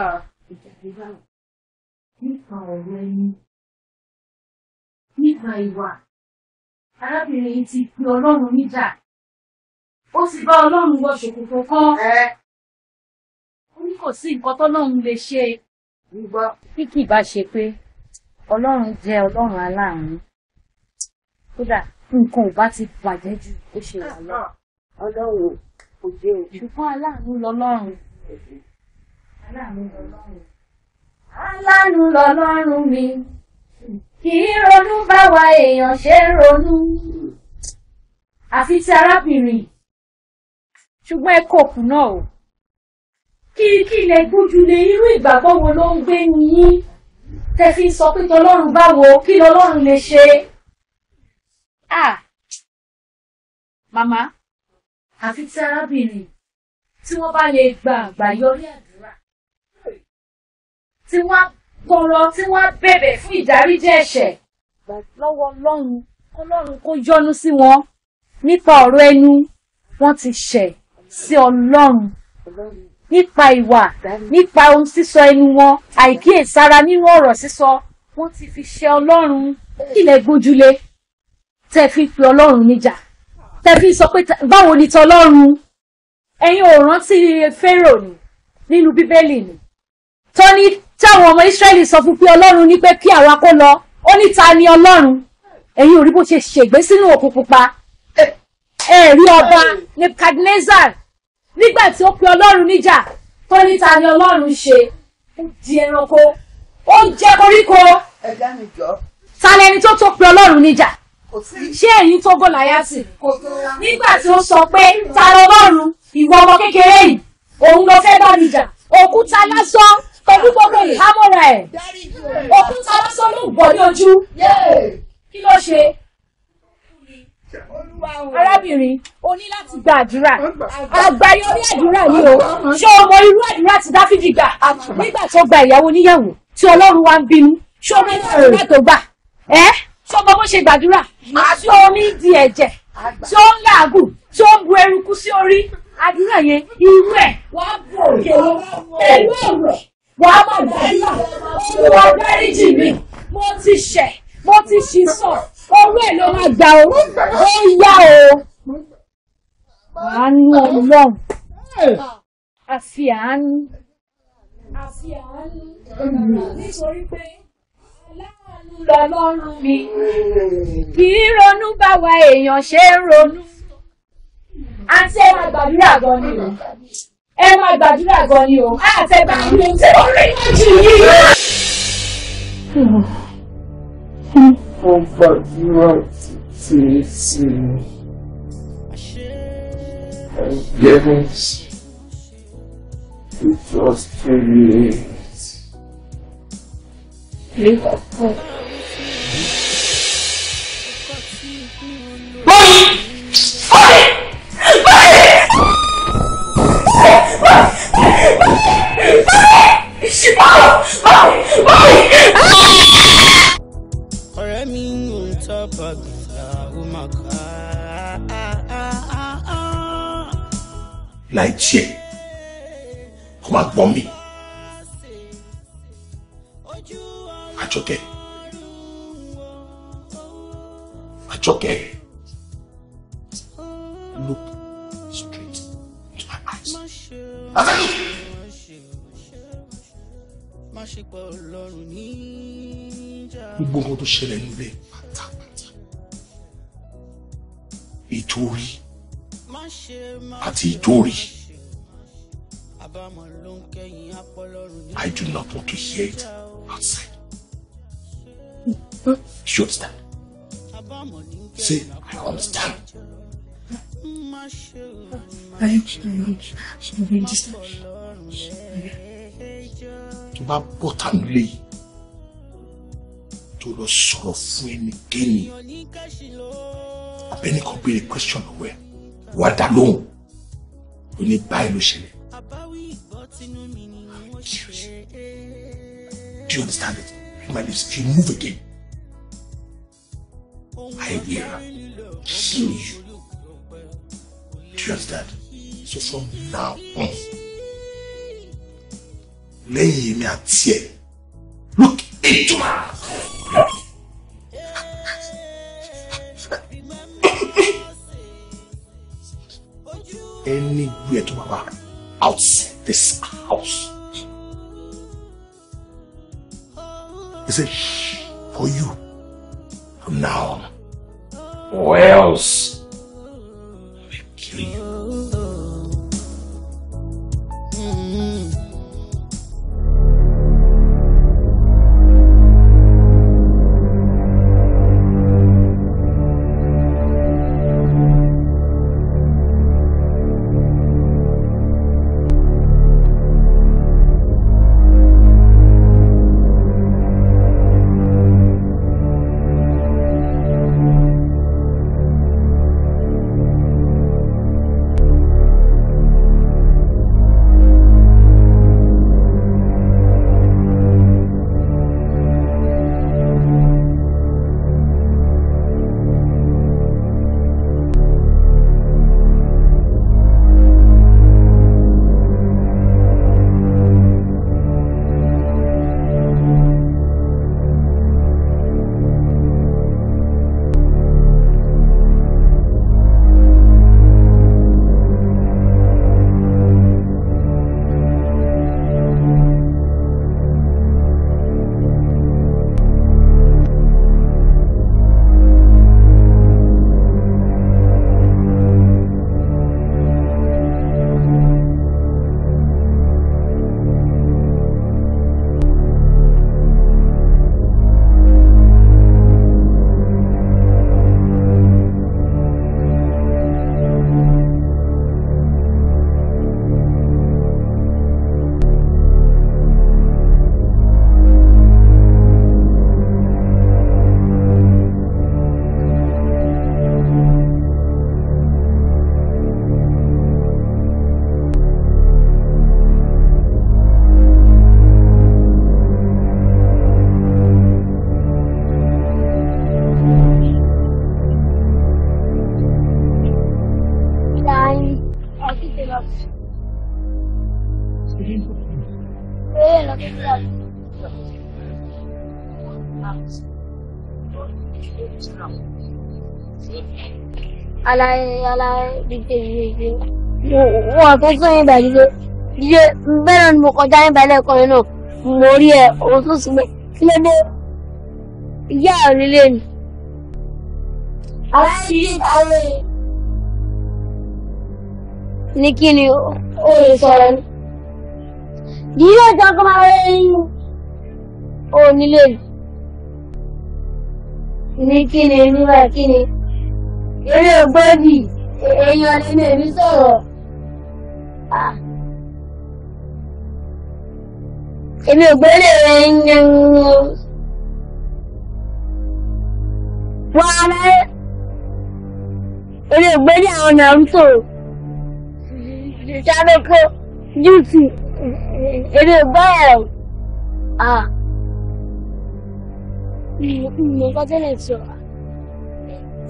nípa ọ̀rọ̀ ẹni nípa ìwà arábìnrin yìí ti pe ọlọ́run níjà ó sì bá ọlọ́run wọ ṣòkòtò kan ó ní kò sí nǹkan tọ́lọ́run lè ṣe bí kì í bá ṣe pé ọlọ́run jẹ́ ọlọ́run aláàánú kódà nǹkan ò bá ti bàjẹ́ ju ó ṣe wà lọ ọlọ́run òde òde ṣùgbọ́n aláàánú lọ́lọ́run aláàánú lọ́lọ́run mi kì í ronú báwa èèyàn ṣe ń ronú àfi ti arábìnrin ṣùgbọ́n ẹ kò kù náà o kí kí lè gbójúlé irú ìgbàgbọ́ wo ló ń gbé yín tẹ́ fi sọ pé tọlọ́run báwo kí lọlọ́run lè ṣe. màmá àfi tí arábìnrin tí wọ́n bá lè gba àgbáyọrí àgbà tí wọ́n tọrọ tí wọ́n bẹ̀bẹ̀ fún ìdáríjì ẹ̀ṣẹ̀ lọ́wọ́ ọlọ́run ọlọ́run kó yọ́nú sí wọn nípa ọ̀rọ̀ ẹnu wọ́n ti ṣẹ̀ sí ọlọ́run nípa ìwà nípa ohun sísọ ẹnu wọn àìkíyèsára nínú ọ̀rọ̀ sísọ wọ́n ti fi ṣẹ̀ ọlọ́run kílẹ̀ gbójúlé tẹ́ fi pe ọlọ́run níjà tẹ́ fi sọ pé báwo ni tọlọ́run ẹ̀yin ò rántí Fẹ́rò ni nínú bíbélì ni tọ́ ní tí àwọn ọmọ Ísírẹ́lì sọ fún pé Ọlọ́run ní pé kí àwa kó lọ ó ní ta ni Ọlọ́run ẹ̀yin ò rí bó ṣe ṣègbé sínú òkun pupa ẹ̀rí ọba Nebuchadnezzar nígbà tí ó pe Ọlọ́run níjà tó ní ta ni Ọlọ́run ṣe ó di ẹranko ó jẹ koríko ta lẹni tó tó pe Ọlọ́run níjà ṣé ẹ̀yin tó Gòláyátì nígbà tí ó sọ pé ta lọ́lọ́run ìwọ ọmọ kékeré yìí òun ló fẹ́ bá mi òkúta lásán pẹ̀lú gbogbo ìhámọ́ra ẹ̀ òkúta lásán ló gbọ́ ní ojú kí ló ṣe arábìnrin o ní láti gba àdúrà àgbáyé orí àdúrà ni o ṣé o mọ irú àdúrà tí dáfídì gbà nígbà tó gba ìyàwó níyàwó tí ọlọ́run wa ń bínú ṣé o mọ irú àdúrà tó gbà ẹ́ ṣé o mọ bó ṣe gbàdúrà tí omi di ẹ̀jẹ̀ tí ó ń làágùn tí ó ń bu eruku sí orí àdúrà yẹn irú ẹ̀ wàá bu òkè wọn pẹ̀lú ẹ̀wẹ̀ wà á máa dáríyà olúwa dáríjì mi mo ti ṣẹ̀ mo ti ṣì sọ ọwọ́ ẹ̀ máa gbà ó ó yá o àánú ọlọ́run àfi àánú àfi àánú nítorí pé aláàánú lọ́lọ́run mi kì í ronú báwa èèyàn ṣe ń ronú àti ẹ̀ máa gbàdúrà gan ni ẹ máa gbàdúrà gan ni o àtẹ̀bà mi tí mo rí jù yìí. mo gbàdúrà títí sí forgiveness to just forgive. Live láì tiẹ̀ kó máa gbọ́n mi. àjọkẹ́ àjọkẹ́ look straight into my eyes as I look. gbogbo nǹkan tó ṣẹlẹ̀ nílé pátápátá ètò àti ìjórì. I do not want to hear it outside. You understand? See, I understand. I understand. Tó bá bọ̀ tánú léyìí tó lọ sọ̀rọ̀ fún ẹnikẹ́ni abẹ́nìkan béèrè question lọ́wọ́ wàá dá lóhùn ó ní báyìí ló ṣẹlẹ̀. Do you understand it? My lips, if you move again, I will kill you. Do you understand? So from now on, lẹ́yìn èmi àti ẹ̀, look into my eyes. anywhere to bá wà outside this house. He said, Shh, for you from now on, or else I will kill you. alay alay díje díje wọn tó sún ibà díje díje bẹ́ẹ̀ náà ni mo kọjá ibà lẹ́ẹ̀kan yẹn náà mo rí ẹ òun tó sùn pé kí ló dé ìyá rí lé mi. alay díje alay. ní kí ni ó lè sọ̀rọ̀ ni. díje jọ́kọ́ máa wẹ́ yín ó nílé mi. ní kí ni nígbà kí eré ògbódì èèyàn lè ní èmi sọ̀rọ̀. èmi ò gbélé rẹ̀ ń yan wọ́n á rẹ́ eré ògbélé àwọn Naruto Sadoko Jutsu eré bọ́ọ̀lù. Ah. Mo kọ́ tẹ́lẹ̀ sọ̀rọ̀.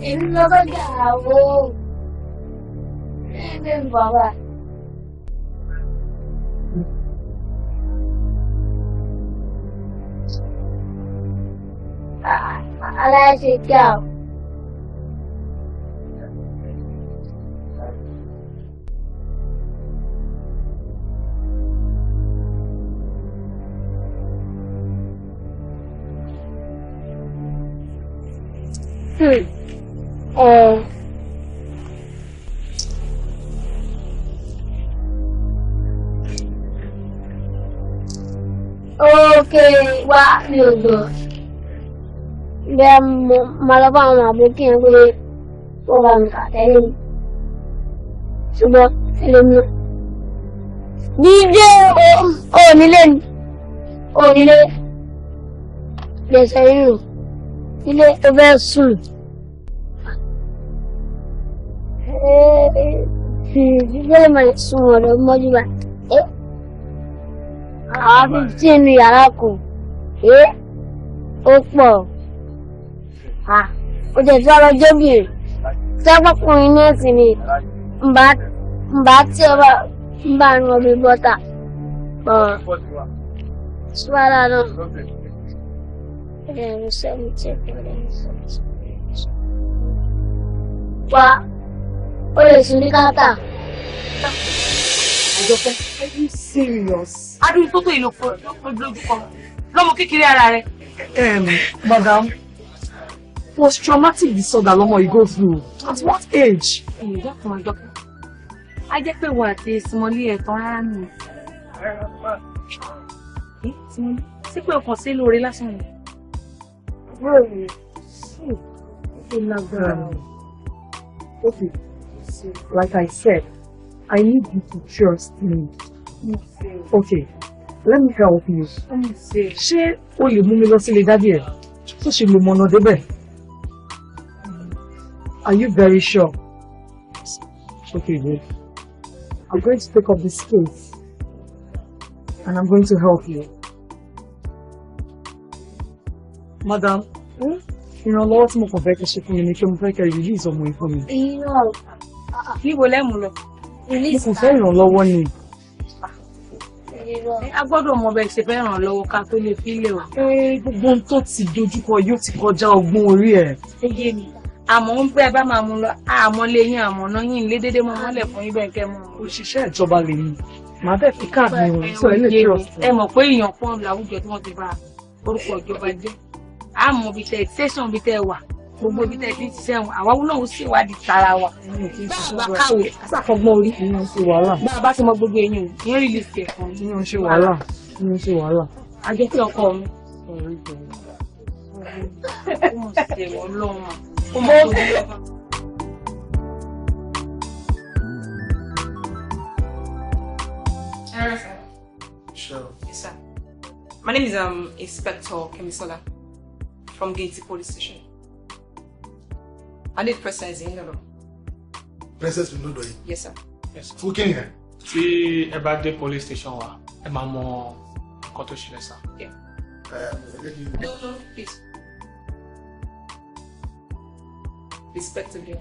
일러가 나고 이는 봐봐 알아주죠 Hmm. Um, oh. ókè wá mi ò gbọ́ bẹ́ẹ̀ mo máa lọ bá àwọn àbókí yẹn pé wọ́n bá mi kà tẹ́lẹ̀ mi ṣùgbọ́n tẹ́lẹ̀ mi. dídé onílé ni onílé lè sẹ́yìn rò ilé tó fẹ́ sùn. bẹ́ẹ̀ máa sun ọ̀rọ̀ mọ́jú bá àwọn fifteen ní yàrá kù Ha, pọ̀ ó jẹ́ tí ọ̀rọ̀ jóbìrì sẹ́kọ̀kùnrin ní ẹ̀sìn ni mbà tí ọ bá mbà ń rọbí bọ́tà pọ̀ síwára náà ẹ̀rù sẹ́mi tí ó kọ̀ lẹ́yìn sọ́ọ̀tì ó lè sùn ní káńtà. àjọpẹ́ are you serious. adúlù tó tó ìlò lójúkọ lọ́mọ kékeré ara rẹ. madam post traumatic disorder lọmọ you go through at what age. ìyá kan àjọpẹ́ a jẹ́ pé wọ́n àti ìsìnmọ́lé ẹ̀tàn rárá nìyẹn. sí pé ọkàn sí lóore lásán ni. bẹ́ẹ̀ ni ṣì ń lágbára. see. Like I said, I need you to trust me. Okay, let me help you. Ṣé o lè mú mi lọ sílé dádì ẹ̀? Tó ṣe lè mọ̀nà débẹ̀? Are you very sure? Okay, good. I'm going to pick up this case and I'm going to help you. Madam, hmm? ìrànlọ́wọ́ tí mo kàn fẹ́ kẹ́ ṣe fún mi ni kí mo fẹ́ kẹ́ release ọmọ ìfún mi. Ìyá ọ̀pá. níbo lẹ́mú lọ. mo kò fẹ́ ìrànlọ́wọ́ ni. a gbọ́dọ̀ mọ bẹ́ẹ̀ ṣe fẹ́ ìrànlọ́wọ́ ká tó lè fi lè wà. gbogbo ohun tó ti dojúkọ yóò ti kọjá ọgbọ́n orí ẹ̀. àmọ́ ń bẹ́ẹ̀ bá máa mú lọ àmọ́ lè yín àmọ́ náà yín lé déédéé mọ́ mọ́lẹ̀ fún yín bẹ́ẹ̀ kẹ́ mọ́. òṣìṣẹ́ ìjọba lè yín màá bẹ́ẹ̀ fi káàdì ìròyìn sọ ilé ìjọsìn. ẹ mọ̀ pé èèyàn pọ́n làwùjọ tí wọ́n ti bá orúkọ ìjọba jẹ́ àmọ́ bíi tẹ̀ tẹ̀sán bíi gbogbo ibi tẹ́ fi ń ṣiṣẹ́ wọn àwa náà ń ṣèwádìí tara wa bá a káwé àṣàkọgbọ́n orí bá a bá ti mọ gbogbo èèyàn ìyẹn rí lè fi ẹ̀kan ìyẹn ṣe wàhálà ìyẹn ṣe wàhálà. àjẹpẹ́ ọkọ mi. sir. My name is um, Inspector Kemisola from Gaiety Police Station. I need Princess Inodo. Princess do it. Yes sir. Yes. Who came here? ẹ? Tí ẹ police station wa, ẹ máa mọ nǹkan tó ṣẹlẹ̀ No, no, please. Respectively.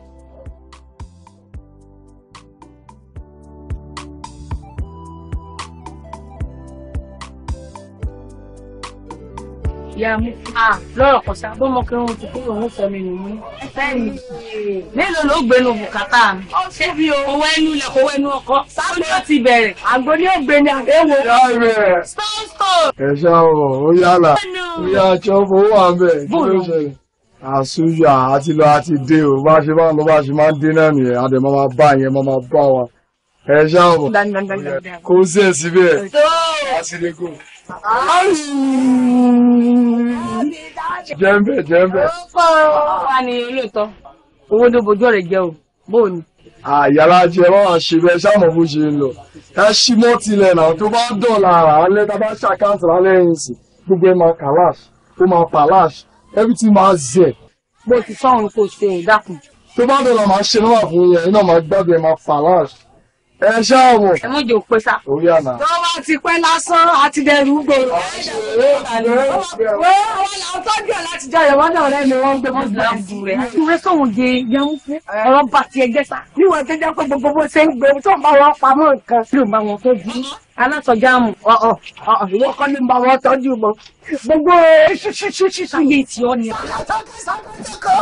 ìyá mú ah. ah, lọ́rọ̀ kan sá bọ́mọ kí wọ́n ti kúrò ń sọ mi nìyí. mélòó ló gbé nu bùkátà mi. ṣé bí o owó ẹnu ilẹ̀ owó ẹnu ọkọ. sábẹ́ ó ti bẹ̀rẹ̀. àgbo ni ó gbé ní àdéhùn. yàrá stone ẹ ṣá o ó yàrá ó yà àti ọkọ̀ owó àbẹ̀ kí ló ṣẹlẹ̀. àṣùyà àti lọ àti dé o bá ṣe máa ń lọ bá ṣe máa ń dé náà nìyẹn àdè máa máa bá yẹn máa máa bá wa ẹ ṣá o kó sí ẹ síbẹ̀ àṣìlẹ́kọ̀ọ́ jẹ́ńbẹ́ jẹ́ńbẹ́. ó wà ní lóòótọ́ owó tó bojú ọ̀rẹ́ jẹ́ o bóò ni. àyàrá jẹ ẹ máa ṣe bẹ ṣáàmù bó ṣe lọ ẹ ṣí mọ́ tilẹ̀ náà tó bá dọ̀la ara alẹ́ tá a bá ṣàkáǹtì lálẹ́ yìí sí gbogbo ẹ máa kàláṣ ó máa pàláṣ everything máa zẹ̀. bó ti fáwọn kò ṣe ìdákun. tó bá dọ̀la máa ṣe náà fún yẹn iná máa gbàgbé máa pàláṣ ẹ ṣọ́ọ̀bù. ẹ mọ̀ jò pé sá. orí àná. tó ti pẹ́ lásán àti dẹrù gbòòrò. wọ́n tọ́jú ẹ̀ láti jẹ́ ìyàwó náà rẹ̀ ni wọ́n ń gbé mọ́ ìlú àbúrò rẹ̀. ìwé sọ̀hún de yẹn fún ọ̀rọ̀ bàtì ẹgbẹ́ sá. níwọ̀n tó jẹ́ pé gbogbo bó ṣe ń gbé tó ń bá wọn pamọ́ nǹkan. tí ò bá wọn tó dùn alákọjáàmù ọ̀ọ̀ ìwọ kọ́ ní bàbá tọ́jú mọ́ gbogbo ṣíṣíṣíṣáyé tí ó ní.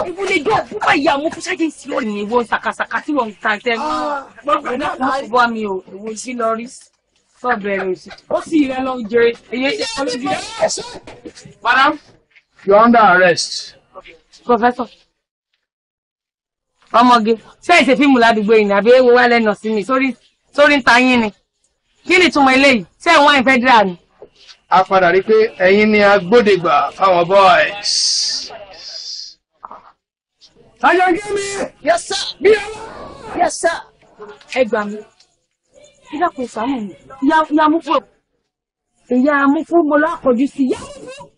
ìwúlẹ̀ yóò púpà ìyàmú fún ṣáyé tí ó ní ìwọ ṣàkàṣàkà tí wọ́n ń ta tẹ́ ah. gbogbo náà wọ́n ti bọ́ mi o ìwọ sí lọ rí sọ bẹ̀rẹ̀ òsì ó sì rẹ lọ jẹrẹ èyí ṣe kọ́ lójú ẹ̀sìn. madam you are under arrest. professor ọmọge ṣé ìṣe fíìmù ládùúgbò yìí ni àbí ewu wà lẹ́nu sí mi sórí ń ta yín ni kí ni ìtumọ̀ eléyìí ṣé ẹ̀ ń wá ìfẹ́ dírà ni. a padà rí i pé ẹ̀yin ni agbódegbà fáwọn boys. ayọ̀ gé mi. yes sir. bí ọlá. yes sir. ẹ gbà mí ìyá kò sàmù mi ìyá mú fún ìyá mú fún mo lọ àkọjú sí ìyá mú fún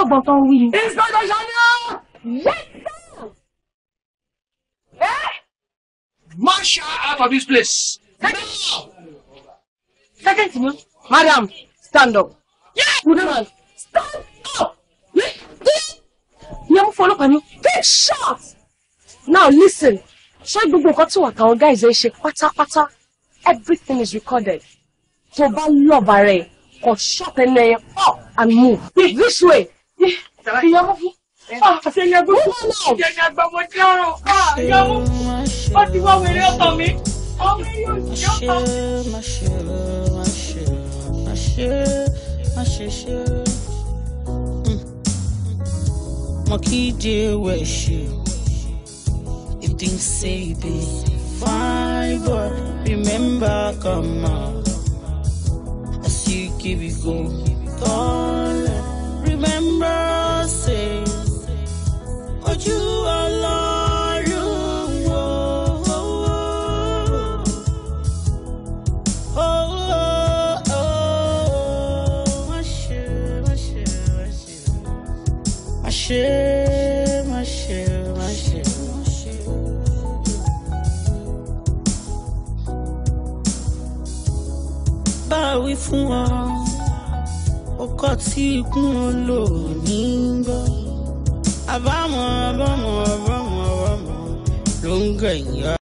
ọgbọ̀n tó ń wí ni. ìsọjọ ṣáná. yes sir. Eh? March out of this place. Now! Second you, madam, stand up. Yeah, good man, stand up. Yẹ́n fọlọ́ me. big shot. Now listen, ṣé gbogbo nǹkan tí wọ́n our guys ẹ ṣe pátápátá? Everything is recorded. So bá lọ́ọ̀bà array, kò shot ẹni ẹyẹ up and move. This way. Ìyàwó fún. Ah, àti ẹni ẹgbẹ́ I'm going to ẹgbẹ́ mo jẹ́ ọ̀rọ̀. Ìyàwó fún. Ó ti wá wèrè ọkàn mi. Ọmọ yóò jẹ́ ọkàn mi. My má hmm. ṣe ṣe mo you. if things say be fine but remember come out as you keep it going, call remember say ojú ọlọ́run. ṣe bá a wí fún ọ ọkọ tí ikú wọn lò ní gbọ́ àbámọ̀ àbámọ̀ àbámọ̀ àbámọ̀ ló ń gbẹ̀yìn.